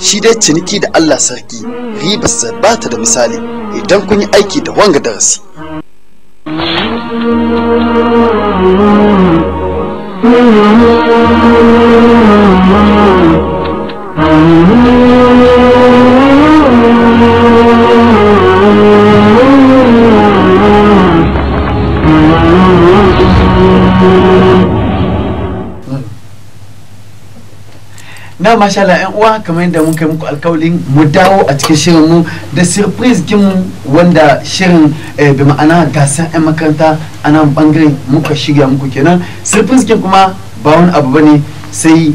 shi dai ciniki da Allah sarki ribarsa ba ta da misali idan kun yi aiki da wanga darasi. thank you da masha Allah yan uwa kamar yadda mun kai muku alkawalin mu dawo a cikin shirin mu da surprise kin wanda shirin eh, bi ma'ana gasar yan makaranta a nan bangaren muka shirya muku kenan surprise kin kuma ba wani abu bane sai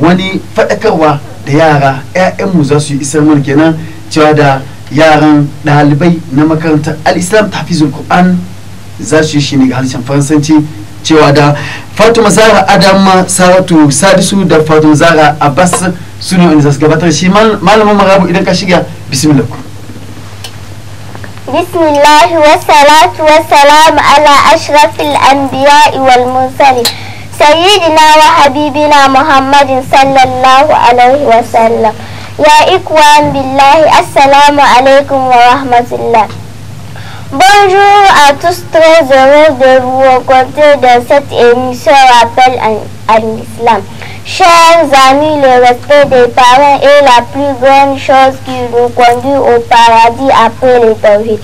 wani faɗakarwa da yara ƴaƴanmu za su yi isar mana kenan cewa da yaran ɗalibai na makarantar al-islam tafizul qur'an za su yi shi ne ga harshen faransanci cewa da fatima zara adama saratu sadisu da fatima zara abbas su ne wani zasu gabatar shi malamin marabu idan ka shiga bismillah bismillah wa salatu wa salam ala ashrafil anbiya wal mursalin sayyidina wa habibina muhammadin sallallahu alaihi wa sallam ya ikwan billahi assalamu alaikum wa rahmatullahi. Bonjour à tous, très heureux de vous rencontrer dans cette émission Appel à, l'islam. Chers amis, le respect des parents est la plus grande chose qui nous conduit au paradis après les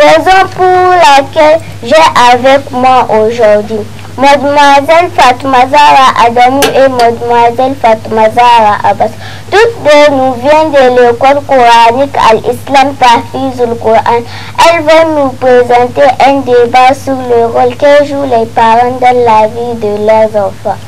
Raison pour laquelle j'ai avec moi aujourd'hui Mademoiselle Fatma Zara et Mademoiselle Fatma Zara Abbas. Toutes deux nous viennent de l'école coranique à l'islam Tafizul Coran. Elles vont nous présenter un débat sur le rôle que jouent les parents dans la vie de leurs enfants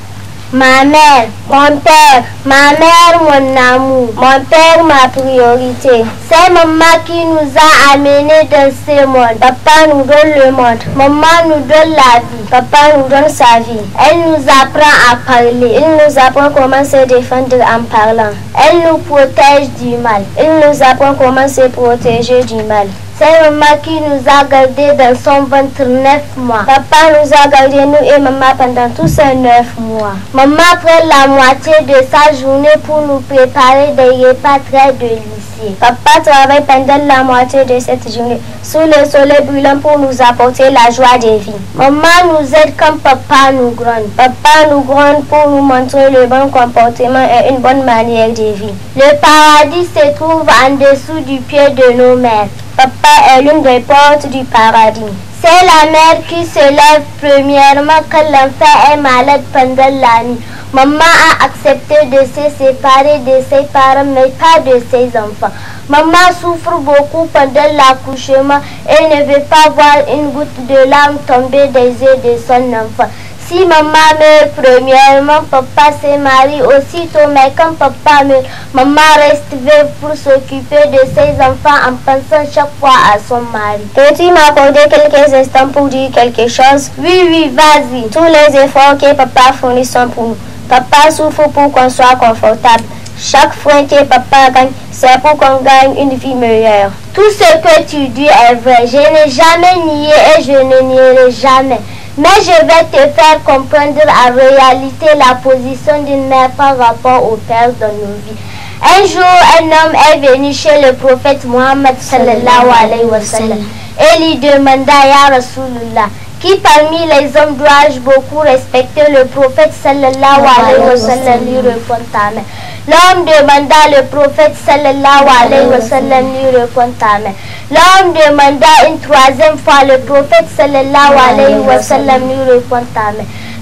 ma mère, mon père, ma mère, mon amour, mon père, ma priorité. C'est maman qui nous a amenés dans ce monde. Papa nous donne le monde. Maman nous donne la vie. Papa nous donne sa vie. Elle nous apprend à parler. Elle nous apprend comment se défendre en parlant. Elle nous protège du mal. Elle nous apprend comment se protéger du mal. C'est maman qui nous a gardés dans son ventre neuf mois. Papa nous a gardés, nous et maman, pendant tous ces 9 mois. Maman prend la moitié de sa journée pour nous préparer des repas très délicieux. Papa travaille pendant la moitié de cette journée sous le soleil brûlant pour nous apporter la joie de vie. Maman nous aide quand papa nous gronde. Papa nous gronde pour nous montrer le bon comportement et une bonne manière de vivre. Le paradis se trouve en dessous du pied de nos maîtres. Papa est l'une des portes du paradis. C'est la mère qui se lève premièrement quand l'enfant est malade pendant la nuit. Maman a accepté de se séparer de ses parents, mais pas de ses enfants. Maman souffre beaucoup pendant l'accouchement et ne veut pas voir une goutte de larmes tomber des yeux de son enfant. Si maman meurt premièrement, papa se marie aussitôt, mais quand papa meurt, maman reste veuve pour s'occuper de ses enfants en pensant chaque fois à son mari. Peux-tu m'accorder quelques instants pour dire quelque chose Oui, oui, vas-y. Tous les efforts que papa fournit sont pour nous. Papa souffre pour qu'on soit confortable. Chaque fois que papa gagne, c'est pour qu'on gagne une vie meilleure. Tout ce que tu dis est vrai. Je n'ai jamais nié et je ne nierai jamais. Mais je vais te faire comprendre en réalité la position d'une mère par rapport au père dans nos vies. Un jour, un homme est venu chez le prophète Mohammed sallallahu alayhi wa sallam et lui demanda Ya Rasulullah, qui parmi les hommes dois-je beaucoup respecter Le prophète sallallahu alayhi wa sallam lui L'homme demanda le prophète sallallahu alayhi wa sallam lui raconta l'homme demanda une troisième fois le prophète sallallahu alayhi wa sallam lui raconta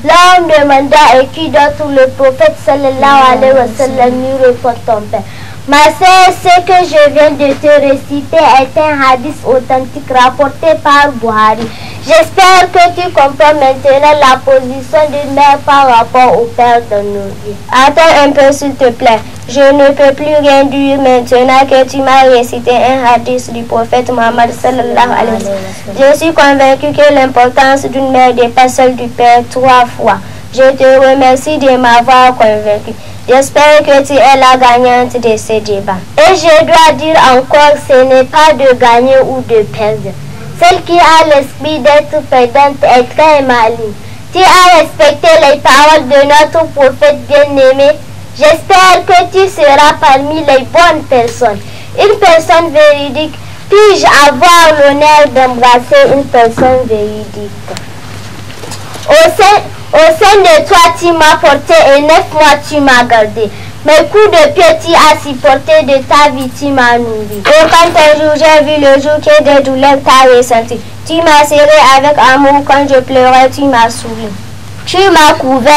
l'homme demanda et qui d'autre le prophète sallallahu alayhi wa sallam lui tomber. Ma sœur, ce que je viens de te réciter est un hadith authentique rapporté par Bouhari. J'espère que tu comprends maintenant la position d'une mère par rapport au père de nos vies. Attends un peu, s'il te plaît. Je ne peux plus rien dire maintenant que tu m'as récité un hadith du prophète Mohammed Je suis convaincu que l'importance d'une mère pas celle du père trois fois. Je te remercie de m'avoir convaincu. J'espère que tu es la gagnante de ce débat. Et je dois dire encore, ce n'est pas de gagner ou de perdre. Celle qui a l'esprit d'être perdante est très maligne. Tu as respecté les paroles de notre prophète bien-aimé. J'espère que tu seras parmi les bonnes personnes. Une personne véridique. Puis-je avoir l'honneur d'embrasser une personne véridique? Au au sein de toi, tu m'as porté et neuf mois, tu m'as gardé. Mes coups de pied, tu as supporté de ta vie, tu m'as nourri. Et quand un jour j'ai vu le jour que des douleurs t'as ressenti, tu m'as serré avec amour quand je pleurais, tu m'as souri. Tu m'as couvert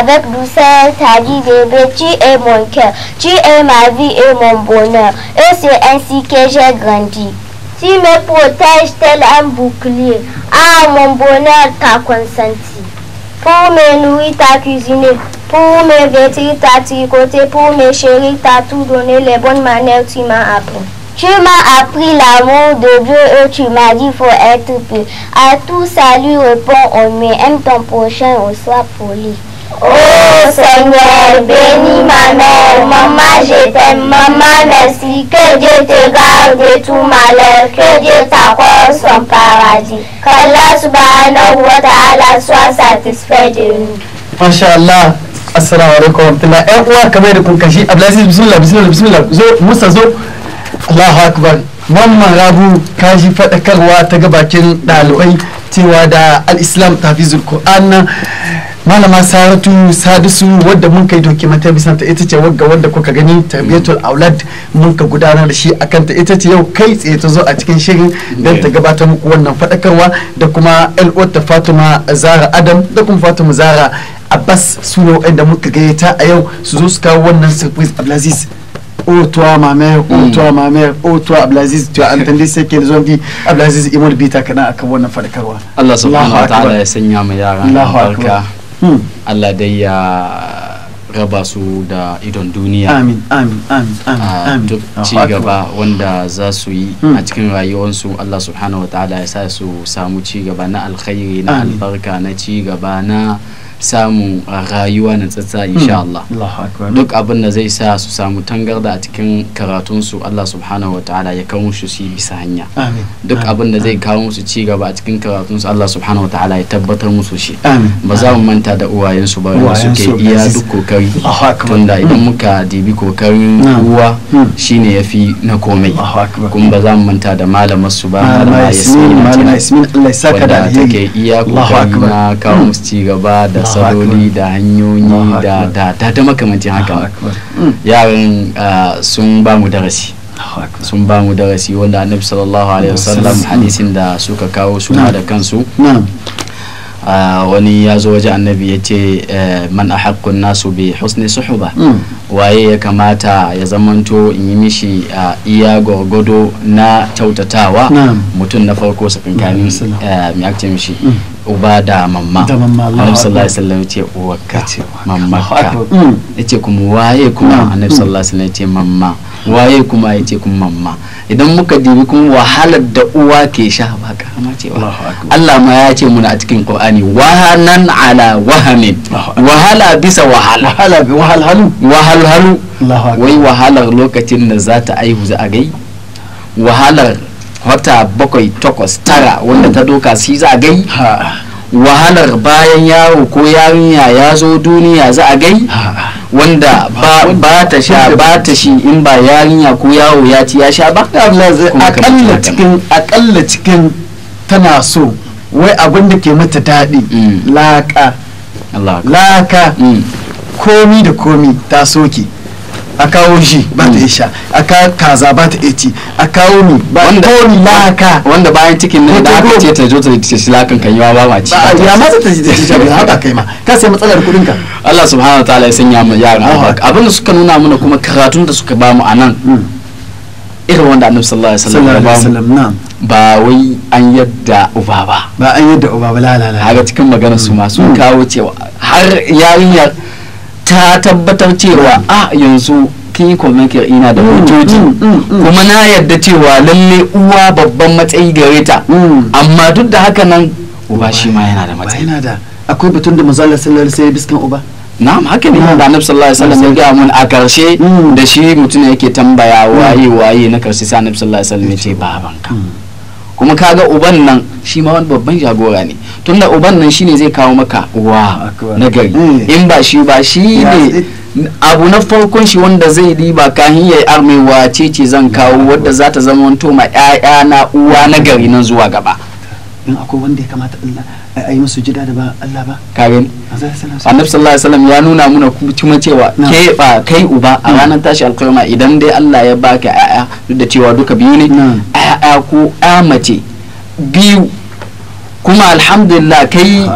avec douceur, ta vie bébé, tu es mon cœur, tu es ma vie et mon bonheur. Et c'est ainsi que j'ai grandi. Tu me protèges tel un bouclier. Ah, mon bonheur t'a consenti. Pour me nourrir, ta cuisiné. Pour me vêtir, t'as tricoté. Pour mes chéris t'as tout donné. Les bonnes manières, tu m'as appris. Tu m'as appris l'amour de Dieu et tu m'as dit faut être pur. À tout salut répond on met aime ton prochain, on soit poli. Oh Seigneur, bénis ma mère, maman je t'aime, maman merci, que Dieu te garde de tout malheur, que Dieu t'accorde son paradis, qu'Allah subhanahu wa ta'ala soit satisfait de nous. Masha'Allah, assalamu alaikum wa rahmatullah, ‘yan eh, uwa kamar da kunkashi, Abdulaziz bismillah bismillah bismillah zo, Musa zo, Allahu akbar, wannan rabu kashi faɗakarwa ta gabakin dalibai cewa da al-Islam tafizul Qur'an malama saratu sadisu wadda mun kai mata bisan ta ita ce wagga wadda kuka gani tarbiyatul aulad mun ka gudanar da shi akan ta ita ce yau kai tsaye ta zo a cikin shirin don ta gabata muku wannan fadakarwa da kuma ta fatima zara adam da kuma fatima zara abbas su ne waɗanda muka ta a yau su zo su kawo wannan surprise ablaziz oh toi ma mère oh hmm. toi ma mère oh toi Abdelaziz tu as entendu ablaziz qu'ils ont bi Abdelaziz imar bita kana akan wannan fadakarwa Allah subhanahu wa ta'ala ya sanya mu yara albarka Allah dai ya raba su da idon duniya amin amin amin amin duk ci gaba wanda za su yi hmm. a cikin rayuwarsu Allah subhanahu wa ta'ala ya sa su samu ci gaba na alkhairi na albarka na ci gaba na a rayuwa na tsatsa hmm. insha Allah duk abin da zai sa su samu tangarda a cikin karatunsu Allah subhanahu wa ta'ala ya kawo shi su bisa hanya duk abin da zai kawo musu ci gaba a cikin karatunsu Allah subhanahu wa ta'ala ya tabbatar musu shi ba za mu manta da uwayensu ba wasu suke iya duk kokari tunda idan hmm. muka dibi kokarin hmm. uwa shine yafi na komai kuma ba za mu manta da malamar su ba malama yasmin malama yasmin Allah ya saka da alheri take iya kokari na kawo musu ci gaba da saloli da hanyoyi da da da makamancin haka ah, hmm. yaran ah, sun ba mu darasi ah, sun ba mu darasi wanda annabi sallallahu alaihi wasallam hadisin da suka kawo suna hmm. da kansu wani ya zo waje annabi ya ce eh, man a haƙƙun nasu bi husni suhuba hmm. waye ya kamata ya zamanto in yi mishi iya gwargwado na kyautatawa mutum na farko sakankanin mai eh, mishi uba da mamma da mamma annabi sallallahu alaihi wasallam yace uwarka mamma mm. mm. yace kuma waye kuma mm. annabi sallallahu alaihi wasallam yace mamma waye kuma yace kuma mamma idan muka dibi kuma wahalar da uwa ke sha ba karama cewa Allah ma ya ce muna a cikin Qur'ani wahanan ala wahamin wahala bisa wahala wahala bi wahalhalu wahalhalu wai wahalar lokacin da za ta aihu za a gai wahalar wata bakwai takwas tara wanda ta doka shi za a gai wahalar bayan yaro ko yarinya ya zo duniya za a gai wanda ba ta sha ba ta shi in ba yarinya ko yaro ya ci ya sha ba akalla cikin tana so wai abin da ke mata daɗi mm. laka laka mm. komi da komi ta soke a kawo shi ba ta hmm. isha a kawo kaza ba ta ci a kawo ni ba ko laka wanda bayan cikin nan da aka ce ta zo ta shi lakan kan yi ba ma ci ya ma ta ci ta ci ba haka kai ma ka sai matsalar kudin ka Allah subhanahu ta'ala ya sanya mu yaran abin da suka nuna mana kuma karatun da suka ba mu anan hmm. irin wanda annabi sallallahu alaihi wasallam ba wai an yadda uba ba ba an yadda uba ba la la la cikin magana su ma hmm. kawo cewa har yarinyar ta tabbatar cewa a yanzu yi maker ina da mm, hujjoji mm, mm, kuma na yadda cewa lalle uwa babban matsayi gare ta amma duk da haka nan uba shi ma yana da matsayi yana da akwai batun da mazalla Allah sallallahu alaihi wasallam biskan uba na'am haka ne da annabi sallallahu alaihi wasallam ya ga mun a karshe da shi mutum yake tambaya waye waye na karshe sai annabi sallallahu alaihi wasallam ya ce babanka kuma kaga uban nan shi ma wani babban jagora ne tunda uban nan shine zai kawo maka uwa na gari eh. in ba shi ba shi ne abu na farkon shi wanda zai riba kahin yayi armewa ce ce zan kawo wadda za ta zama wanto ma 'ya'ya na uwa na gari nan zuwa gaba in akwai wanda ya kamata ai musu jida da ba Allah ba ka gani annabi sallallahu alaihi wasallam ya nuna muna kuma cewa ke ba kai uba a ranar tashi alkiyama idan dai Allah ya baka ayya duk da cewa duka biyu ne ayya ko mace biyu kuma alhamdulillah kai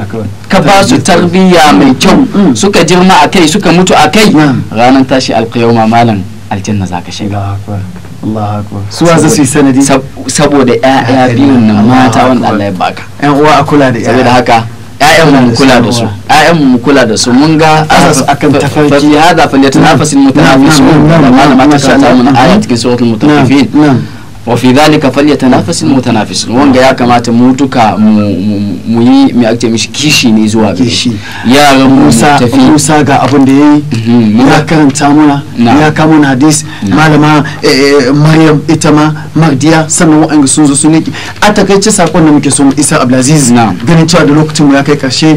ka ba su tarbiyya mai kyau suka jirma a kai suka mutu a kai ranar tashi alkiyama malam aljanna zaka shiga suwa za su yi sanadi saboda ƴaƴa biyun nan mata wanda Allah ya baka ƴan uwa a kula da ƴaƴa saboda haka ƴaƴan mu kula da su ƴaƴan mu kula da su mun ga asas akan tafarki hada fa litanafas mutanafisun da malama ta shata mun ayat cikin suratul mutaffifin wa fi dhalika falyatanafasil mutanafisun wanda ya kamata mu duka mu yi mai ake mishi kishi ne zuwa kishi yaran Musa Musa ga abin da yayi mhm, ya karanta muna ya kama na hadis malama eh, eh, Maryam ita ma Magdiya sannan wa'anga sun zo sun yake a takaice sakon da muke so mu isa Abdulaziz ganin cewa da lokacin mu ya kai karshe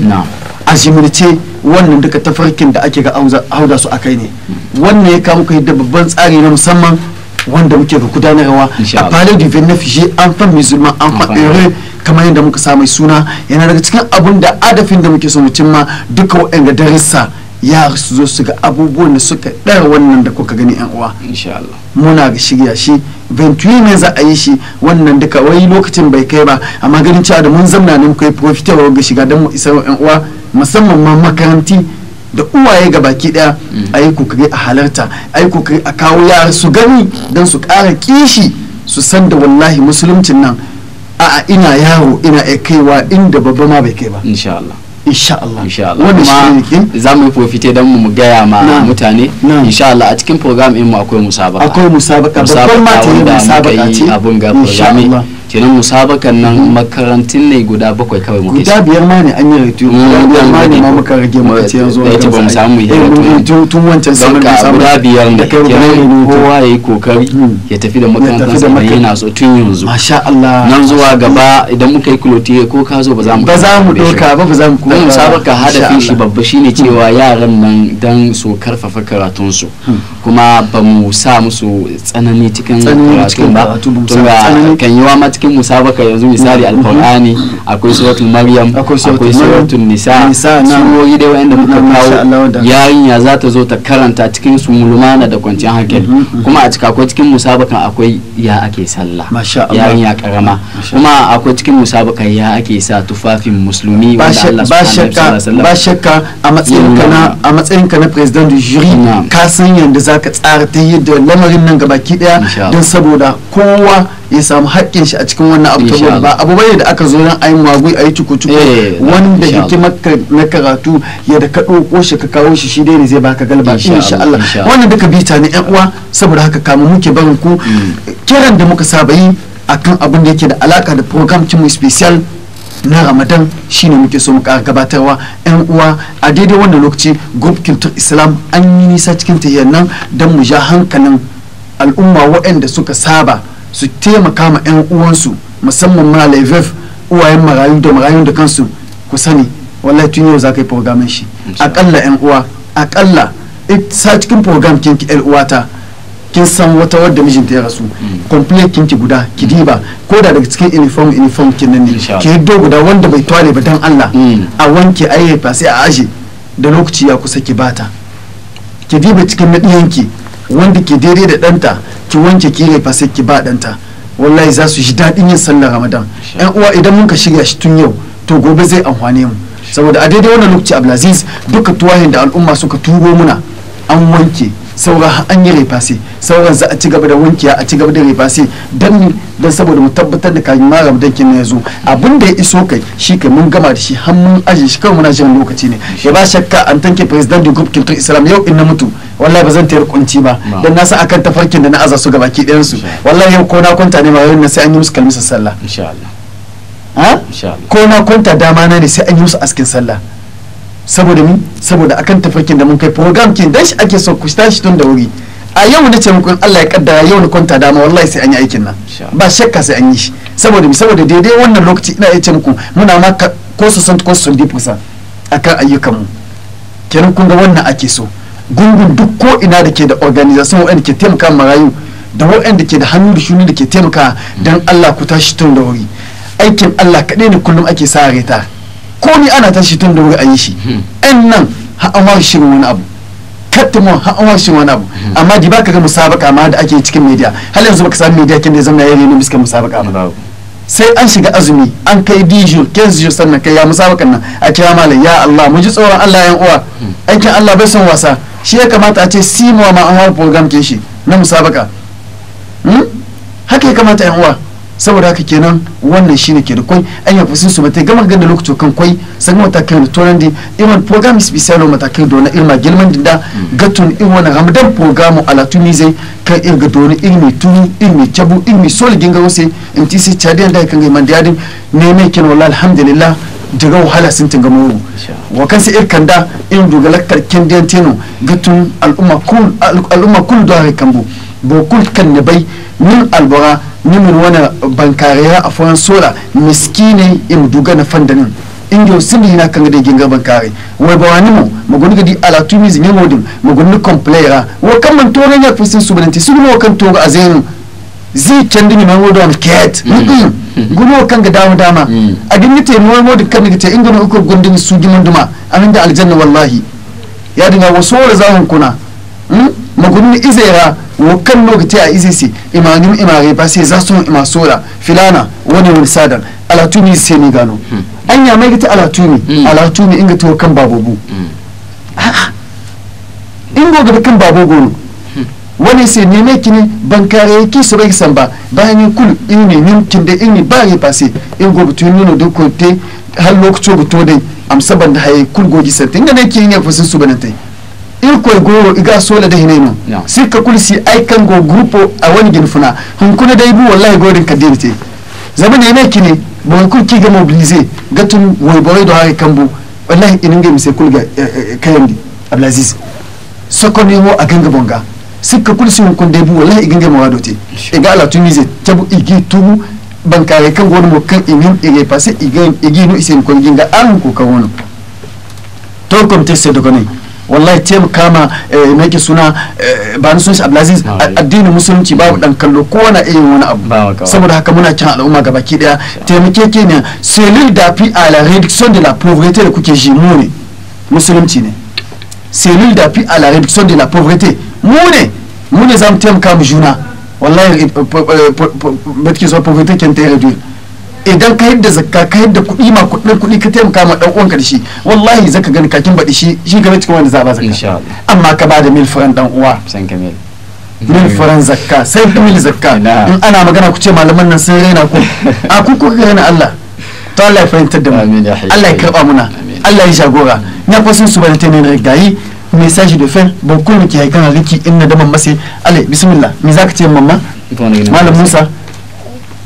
a jimirce wannan duka tafarkin da ake ga hauda su akai ne wannan ya kawo kai da babban tsari na musamman wanda muke gudanarwa a palais du 29 an fan musulman an fa kamar yadda muka sa mai suna yana daga cikin abun da adafin da muke so mu cimma duka waɗanda darissa ya su zo su ga abubuwan da suka ɗara wannan da kuka gani yan uwa muna ga shirya shi venturi ne za a yi shi wannan duka wai lokacin bai kai ba amma ganin cewa da mun zamna nan kai yi ga shiga don mu isar yan uwa musamman ma makaranti da uwaye ga baki daya mm. a yi kokari a halarta a yi kokari a kawo yara su gani don su ƙara kishi su san da wallahi musuluncin nan a ina yaro ina iya kaiwa inda babba ma bai kai ba insha Allah insha Allah insha Allah za mu fofite don mu gaya ma mutane insha Allah a cikin program din mu akwai musabaka akwai musabaka babban ma ta yi musabaka ce abun ga program kenan musabakan nan makarantun ne guda bakwai kawai muke guda biyar ma ne an yi retiyo mm, guda biyar ma ne ma muka rage mu yanzu da ba mu samu eh, tun wancan samu guda biyar ne kenan kowa ya yi kokari mm. ya tafi da sa yana yanzu masha Allah nan zuwa gaba idan muka yi kulotiye ko ka zo ba za mu ba za mu doka ba ba za kuma musabaka hadafin shi babba shine mm. cewa yaran nan dan su karfafa karatun su kuma ba mu sa musu tsanani cikin ba cikin musabaka yanzu misali mhm. alqur'ani akwai suratul maryam akwai suratul nisa surori da wanda muka kawo yarinya za ta zo ta karanta cikin su mulmana da kwanciyar mhm, hankali mhm, kuma a cika akwai cikin musabakan akwai ya ake sallah yarinya karama kuma akwai cikin musabakan ya ake sa tufafin musulmi wanda Allah subhanahu ba shakka a matsayinka na a matsayinka na president du jury ka san yanda zaka tsara ta yadda lamarin nan gabaki daya don saboda kowa ya samu haƙƙin shi a a cikin wannan abu ba abu bane da aka zo nan ayi magui ayi cuku-cuku eh, wanda hikimar na karatu ya da ka ɗauko shi ka kawo shi shi dai ne zai baka galba insha Allah wannan duka bita ne yan uwa saboda haka kama muke barin ku mm. kiran da muka saba yi akan abin da yake da alaka da program mu special na ramadan shine muke so muka gabatarwa yan uwa a daidai wannan lokaci group islam an yi nisa cikin tahiyar nan don mu ja hankalin al'umma waɗanda suka saba su taimaka ma 'yan uwansu musamman ma laifef uwayen marayu da marayu da kansu ku sani wallahi tun yau za ka yi programin shi akalla 'yan uwa akalla sa cikin program kinki 'yan uwata kin san wata wadda ta ya rasu kin hmm. kinki guda ki diba ko da daga cikin uniform uniform kin nan ne ki hiddo guda wanda bai twale ba dan Allah hmm. a wanke ayyafa sai a aje da lokaci ya kusa ki bata ki diba cikin nadiyanki wanda ke daidai da ɗanta ki wanke ki ne fasai ki ba ɗanta wallahi za su ji daɗin yin sallar ramadan yan uwa idan muka shirya shi tun yau to gobe zai amfane mu saboda a daidai wannan lokaci abdulaziz duka tuwahin da al'umma suka turo muna an wanke saura an yi rifasi sauran za a ci gaba da wankiya a ci gaba da refase don don saboda mu tabbatar da kayan mara mu dankin ya zo abin da ya iso kai shi kai mun gama da shi har mun aje shi kawai muna jiran lokaci ne ya ba shakka an tanke president da group kintar islam yau in na mutu wallahi ba zan tayar kunci ba dan na san akan tafarkin da na aza su gabaki ɗayan su wallahi yau ko na kwanta ne ma yau na sai an yi musu kalmisa sallah insha Allah ko na kwanta dama na ne sai an yi musu askin sallah saboda ni saboda akan tafarkin da mun kai program kin dan shi ake so ku tashi tun da wuri a yau na ce muku Allah ya kaddara yau na kwanta dama wallahi sai an yi aikin nan ba shakka sai an yi shi saboda saboda daidai wannan lokaci ina yace ce muku muna ma ko su san ko su di sa akan ayyukan mu kenan kun ga wannan ake so gungun duk ko ina da ke da organization wanda ke taimaka marayu da wanda ke da hannu da shuni da ke taimaka dan Allah ku tashi tun da wuri aikin Allah kaɗai ne kullum ake sa reta ko ana tashi tun da wuri an yi shi ɗan hmm. nan an wa shirin wani abu kattumon an wa shirin wani abu hmm. amma di baka ga musabaka ma da ake cikin media Hal yanzu baka samu media kin da zama yayi ne biska musabaka ba sai an shiga azumi an kai dijo kenzijo sannan kai ya musabakan nan a kira malam ya Allah mu ji tsoron Allah yan uwa hmm. aikin Allah bai son wasa shi ya kamata a ce simo ma an wani program ke shi na musabaka haka ya kamata yan uwa saboda haka kenan wannan shine ke da kwai an yi sun su mata gama ganda lokacin kan kwai san matakan da tonan di iman program special matakan da na ilma gilman da gatun in wannan hamdan program ala kan in ga doni ilmi tuni ilmi chabu ilmi sol ginga in ti sai chadian da kan ga man dadin ne mai kin wallahi alhamdulillah daga wahala sun tunga mu wa kan sai irkan da in dogalakar kendiyan teno gatun al'umma kul al'umma da kan bu bokul kan ne bai min albora min wani bankariya a furan sola miskine in duga na fandanin injo sindi na kanga de ginga bankari wai ba wani mu magun gadi ala tumis ne modin magun complaira wa kan man tore ne fusin subanti su no kan tore azenu zi candi ni man wodon ket mm. mm. gumo kan ga dama dama mm. adin ta te mo modin kan ga te ingano ukur gundin su gimunduma amin da aljanna wallahi ya dinga waso da zahun kuna Hmm? magunin izera wakan lokaci a izisi imanin imare ba sai za su ima Sola filana wani wani sadan alatumi sai ni gano hmm. an ya mai gita alatumi hmm. alatumi inga ta wakan babobu in goga kan babo gono wani sai ne mai kini ban kare ki su bai san ba bayan yin kul in ne nin da in ne ba ya fase in goga tun nuna duk ko te har lokacin go to dai amsa ban da haye kul gogi santin ga ne kin yafi sun su banan il koy goro iga sola da hinayno sikka kul si ay kan go grupo a wani gin funa hun kuna dai bu wallahi godin kadirte zaman ne kine bon kul ki ga mobiliser gatun way boy do ay kambu wallahi inin ga mise kul ga eh, eh, eh, kayandi ablaziz sokoni a ganga bonga sikka kul si hun kun dai bu wallahi iganga te iga la tumise tabu igi tubu kare kan wani kan inin ire passe igi no isin kon ginga an ko kan wani to kom tesse dogonai wallahi taimaka ma nake suna ba ni sunshi abdulaziz addinin musulunci ba dan kallo kowa na iya wani abu saboda haka muna kyan al'umma ga baki daya taimake ke ne selil dafi a la reduction de la pauvreté da kuke ji mu ne musulunci ne selil dafi a la reduction de la pauvreté mu ne mu ne za mu taimaka mu juna wallahi mettre qu'ils pauvreté kente est réduire idan ka yadda zakka ka yadda kuɗi ma kuɗi kuɗi ka taimaka ma ɗan uwanka da shi wallahi zaka gani kakin baɗi shi shi game cikin wanda za a ba zakka amma ka bada mil furan ɗan uwa mil furan zakka sai mil zakka in ana magana ku ce malaman nan sun raina ku a ku ku raina Allah to Allah ya fahimtar da mu Allah ya karɓa muna Allah ya jagora na sun su bari ta ne gayi message de fin bon kulmi ki haikan riki inna daman masai ale bismillah me zaka ce mamma malam Musa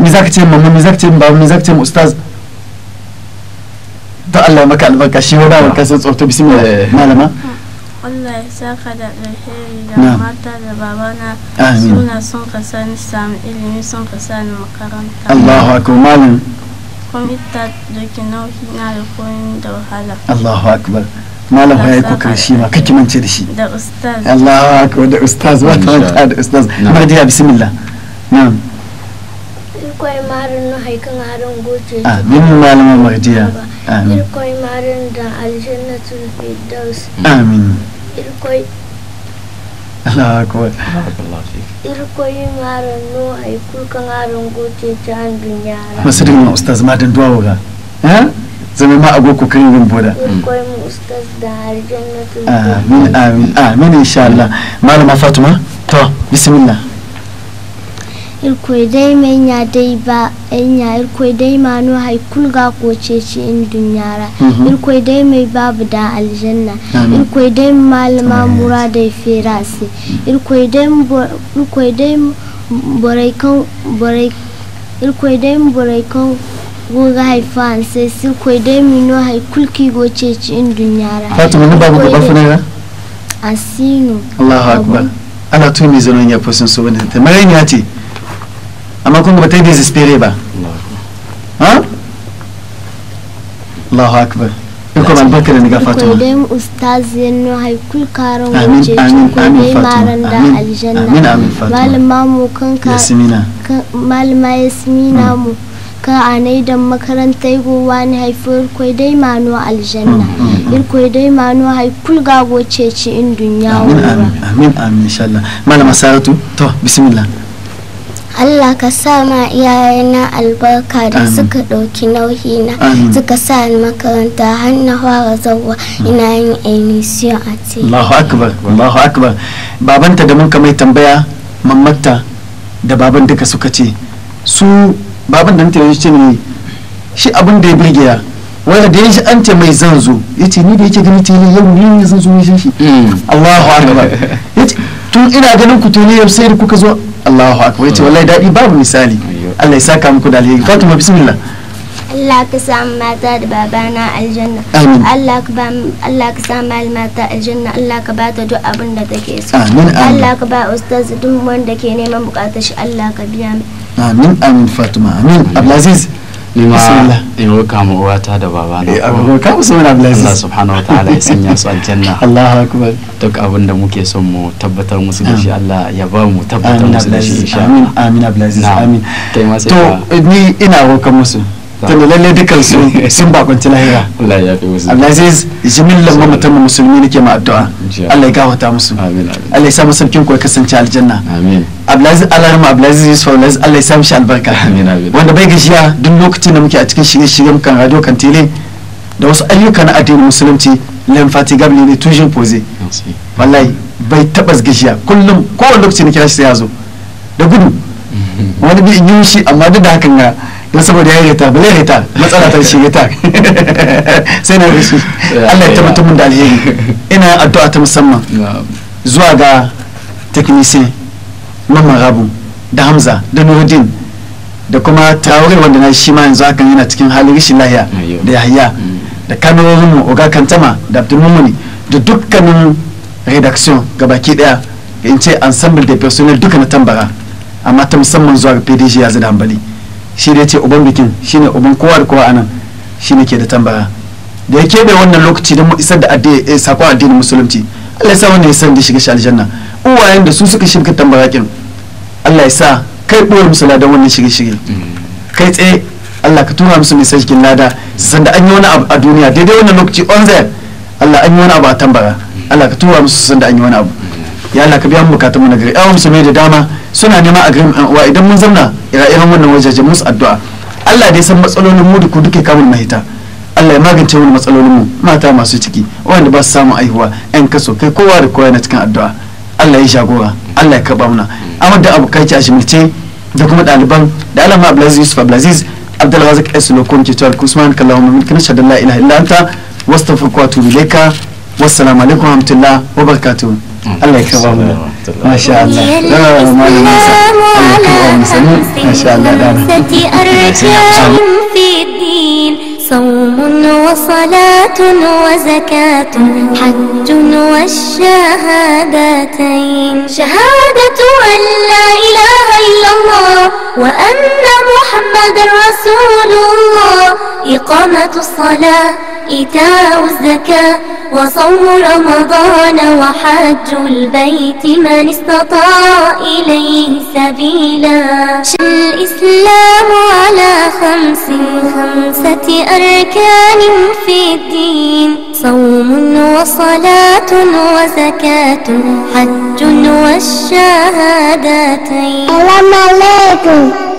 me za ka ce mamu me za ka ce baba me za ka ce ustaz to Allah maka albarka shi wa bawan kasar tsoto bismillah eh. malama Allah ya saka da alheri da mata da babana suna son ka sani samu ilimi son ka sani makaranta Allahu akbar malam komita ita da ke nauki na da koyin da wahala Allahu akbar malam ya yi kokarin shi ma kake mance da shi da ustaz Allahu akbar da ustaz wata wata da ustaz Mahdiya bismillah na'am irkoy marin no haikan harin amin mahdiya amin da aljannatul firdaus amin irkoy Allah akbar no kan dunya ustaz ma dan duwa ga eh zama ma kan yin boda amin mu ustaz da aljannatul amin amin amin insha Allah malama fatima to bismillah irkoy dayma nya dayba eh, nya irkoy dayma no hay kulga ko ceci in dunyara mhm. irkoy dayma babu da aljanna irkoy dayma malama muradai firasi irkoy dayma borai kan borai irkoy borai kan goga haifan sai sirkoy dayma no hay kulki go ceci in dunyara fatima ni babu ko funera asino allahu akbar ala tumi zanon ya fasin so ne ta ya ce amma kun ba ta yi désespéré ba ha Allahu akbar ikon albarka da ni gafa tuma kodem ustaz ya nuna haikul karan wace cin kodai maran da aljanna malama mu kan ka malama yasmina hmm. mu ka a anai da yi gowa ni ne haifar kodai mano aljanna hmm, hmm, irkoi dai manu haikul gago ce ci in dunya wura amin amin insha Allah malama saratu to bismillah Allah ka sa ma iyayena albarka da suka ɗauki nauyi na suka sa ni makaranta har na fara zauwa ina yin admission a ce Allahu akbar Allahu akbar babanta da mun ka mai tambaya mammatta da baban duka suka ce su baban da mutane ce ne shi abin da ya birgiya wanda da ya shi an ce mai zanzu. ya ce ni da yake gani tele yau ni ne zan ne shi mm. Allahu akbar tun ina ganin ku tele yau sai da kuka zo Allahu akbar yace wallahi dadi babu misali Allah ya saka muku da alheri Fatima bismillah Allah ka sa mata da babana aljanna Allah ka ba Allah ka sa mal mata aljanna Allah ka ba ta duk abin da take so amin Allah ka ba ustaz duk wanda ke neman bukatar shi Allah ka biya mai amin amin Fatima amin Abdulaziz ni ma in roka mu uwata da baba na ko eh, ka musu mana blessings Allah subhanahu wa ta'ala ya sanya su aljanna Allahu akbar duk abin da muke son mu tabbatar musu da shi Allah ya ba mu tabbatar musu da shi insha Allah amin amin ablaziz amin to ni ina roka musu tana lalle dukkan su sun bakunci lahira Abdulaziz jimillan mamatan musulmi nake ma addu'a Allah ya gawata musu Allah ya sa masaukin ku ya kasance aljanna Abdulaziz Allah rahma Abdulaziz Yusuf Abdulaziz Allah ya sa shi albarka wanda bai gajiya duk lokacin da muke a cikin shirye-shiryen kan radio kan tele da wasu ayyuka na addinin musulunci fati gabli ne toujours posé wallahi bai taba gajiya kullum kowane lokaci na kira shi sai ya zo da gudu wani bi in yi shi amma duk da hakan ga don saboda ya reta ba yi matsala ta shi ta sai na rishi Allah ya tabbatar mun da alheri ina addu'a ta musamman zuwa ga technician mamman rabu da hamza da nuruddin da kuma tawagar wanda na shi ma yanzu hakan yana cikin halin rishin lahiya da yahaya da mu oga kantama da abdulmumuni da dukkanin redaction gabaki daya in ce ensemble da personnel duka na tambara amma ta musamman zuwa ga pdg ya zida hambali shi da ce uban bikin shi ne uban kowa da kowa anan shi ne ke da tambaya da ya keɓe wannan lokaci don isar da eh, saƙon addinin musulunci Allah ya sa wannan ya san da shiga shi aljanna uwayen da su suka shirka tambarakin Allah ya sa kai ɗora musu ladan wannan shirye-shirye kai tsaye Allah ka tura musu mai cikin lada san da an yi wani abu a duniya daidai wannan lokaci on zayar Allah an yi wani abu a tambara Allah ka tura musu san da an yi wani abu ya Allah ka biya mu bukatun mu na gari ƴan musulmai da dama suna a agreement an uwa idan mun zamna ira irin wannan wajaje musu addu'a Allah dai san matsalolin mu da ku duke kamun mahita Allah ya magance wani matsalolin mu mata masu ciki wanda ba su samu aihuwa yan kaso kai kowa da kowa na cikin addu'a Allah ya shagora Allah ya karba muna amma da abokai ki ashimilce da kuma ɗaliban da Alama Abdulaziz Yusuf Abdulaziz Abdulrazak S Lokon ke cewa Usman kallahu min kana shaddan la ilaha illa anta wastaghfiruka wa wassalamu alaikum wa rahmatullahi wa barakatuh الله ما شاء الله على أركان في الدين صوم وصلاة وزكاة حج والشهادتين شهادة أن لا إله إلا الله وأن محمد رسول الله إقامة الصلاة إيتاء الزكاة وصوم رمضان وحج البيت من استطاع إليه سبيلا الإسلام على خمس خمسة أركان في الدين صوم وصلاة وزكاة حج والشهادتين السلام عليكم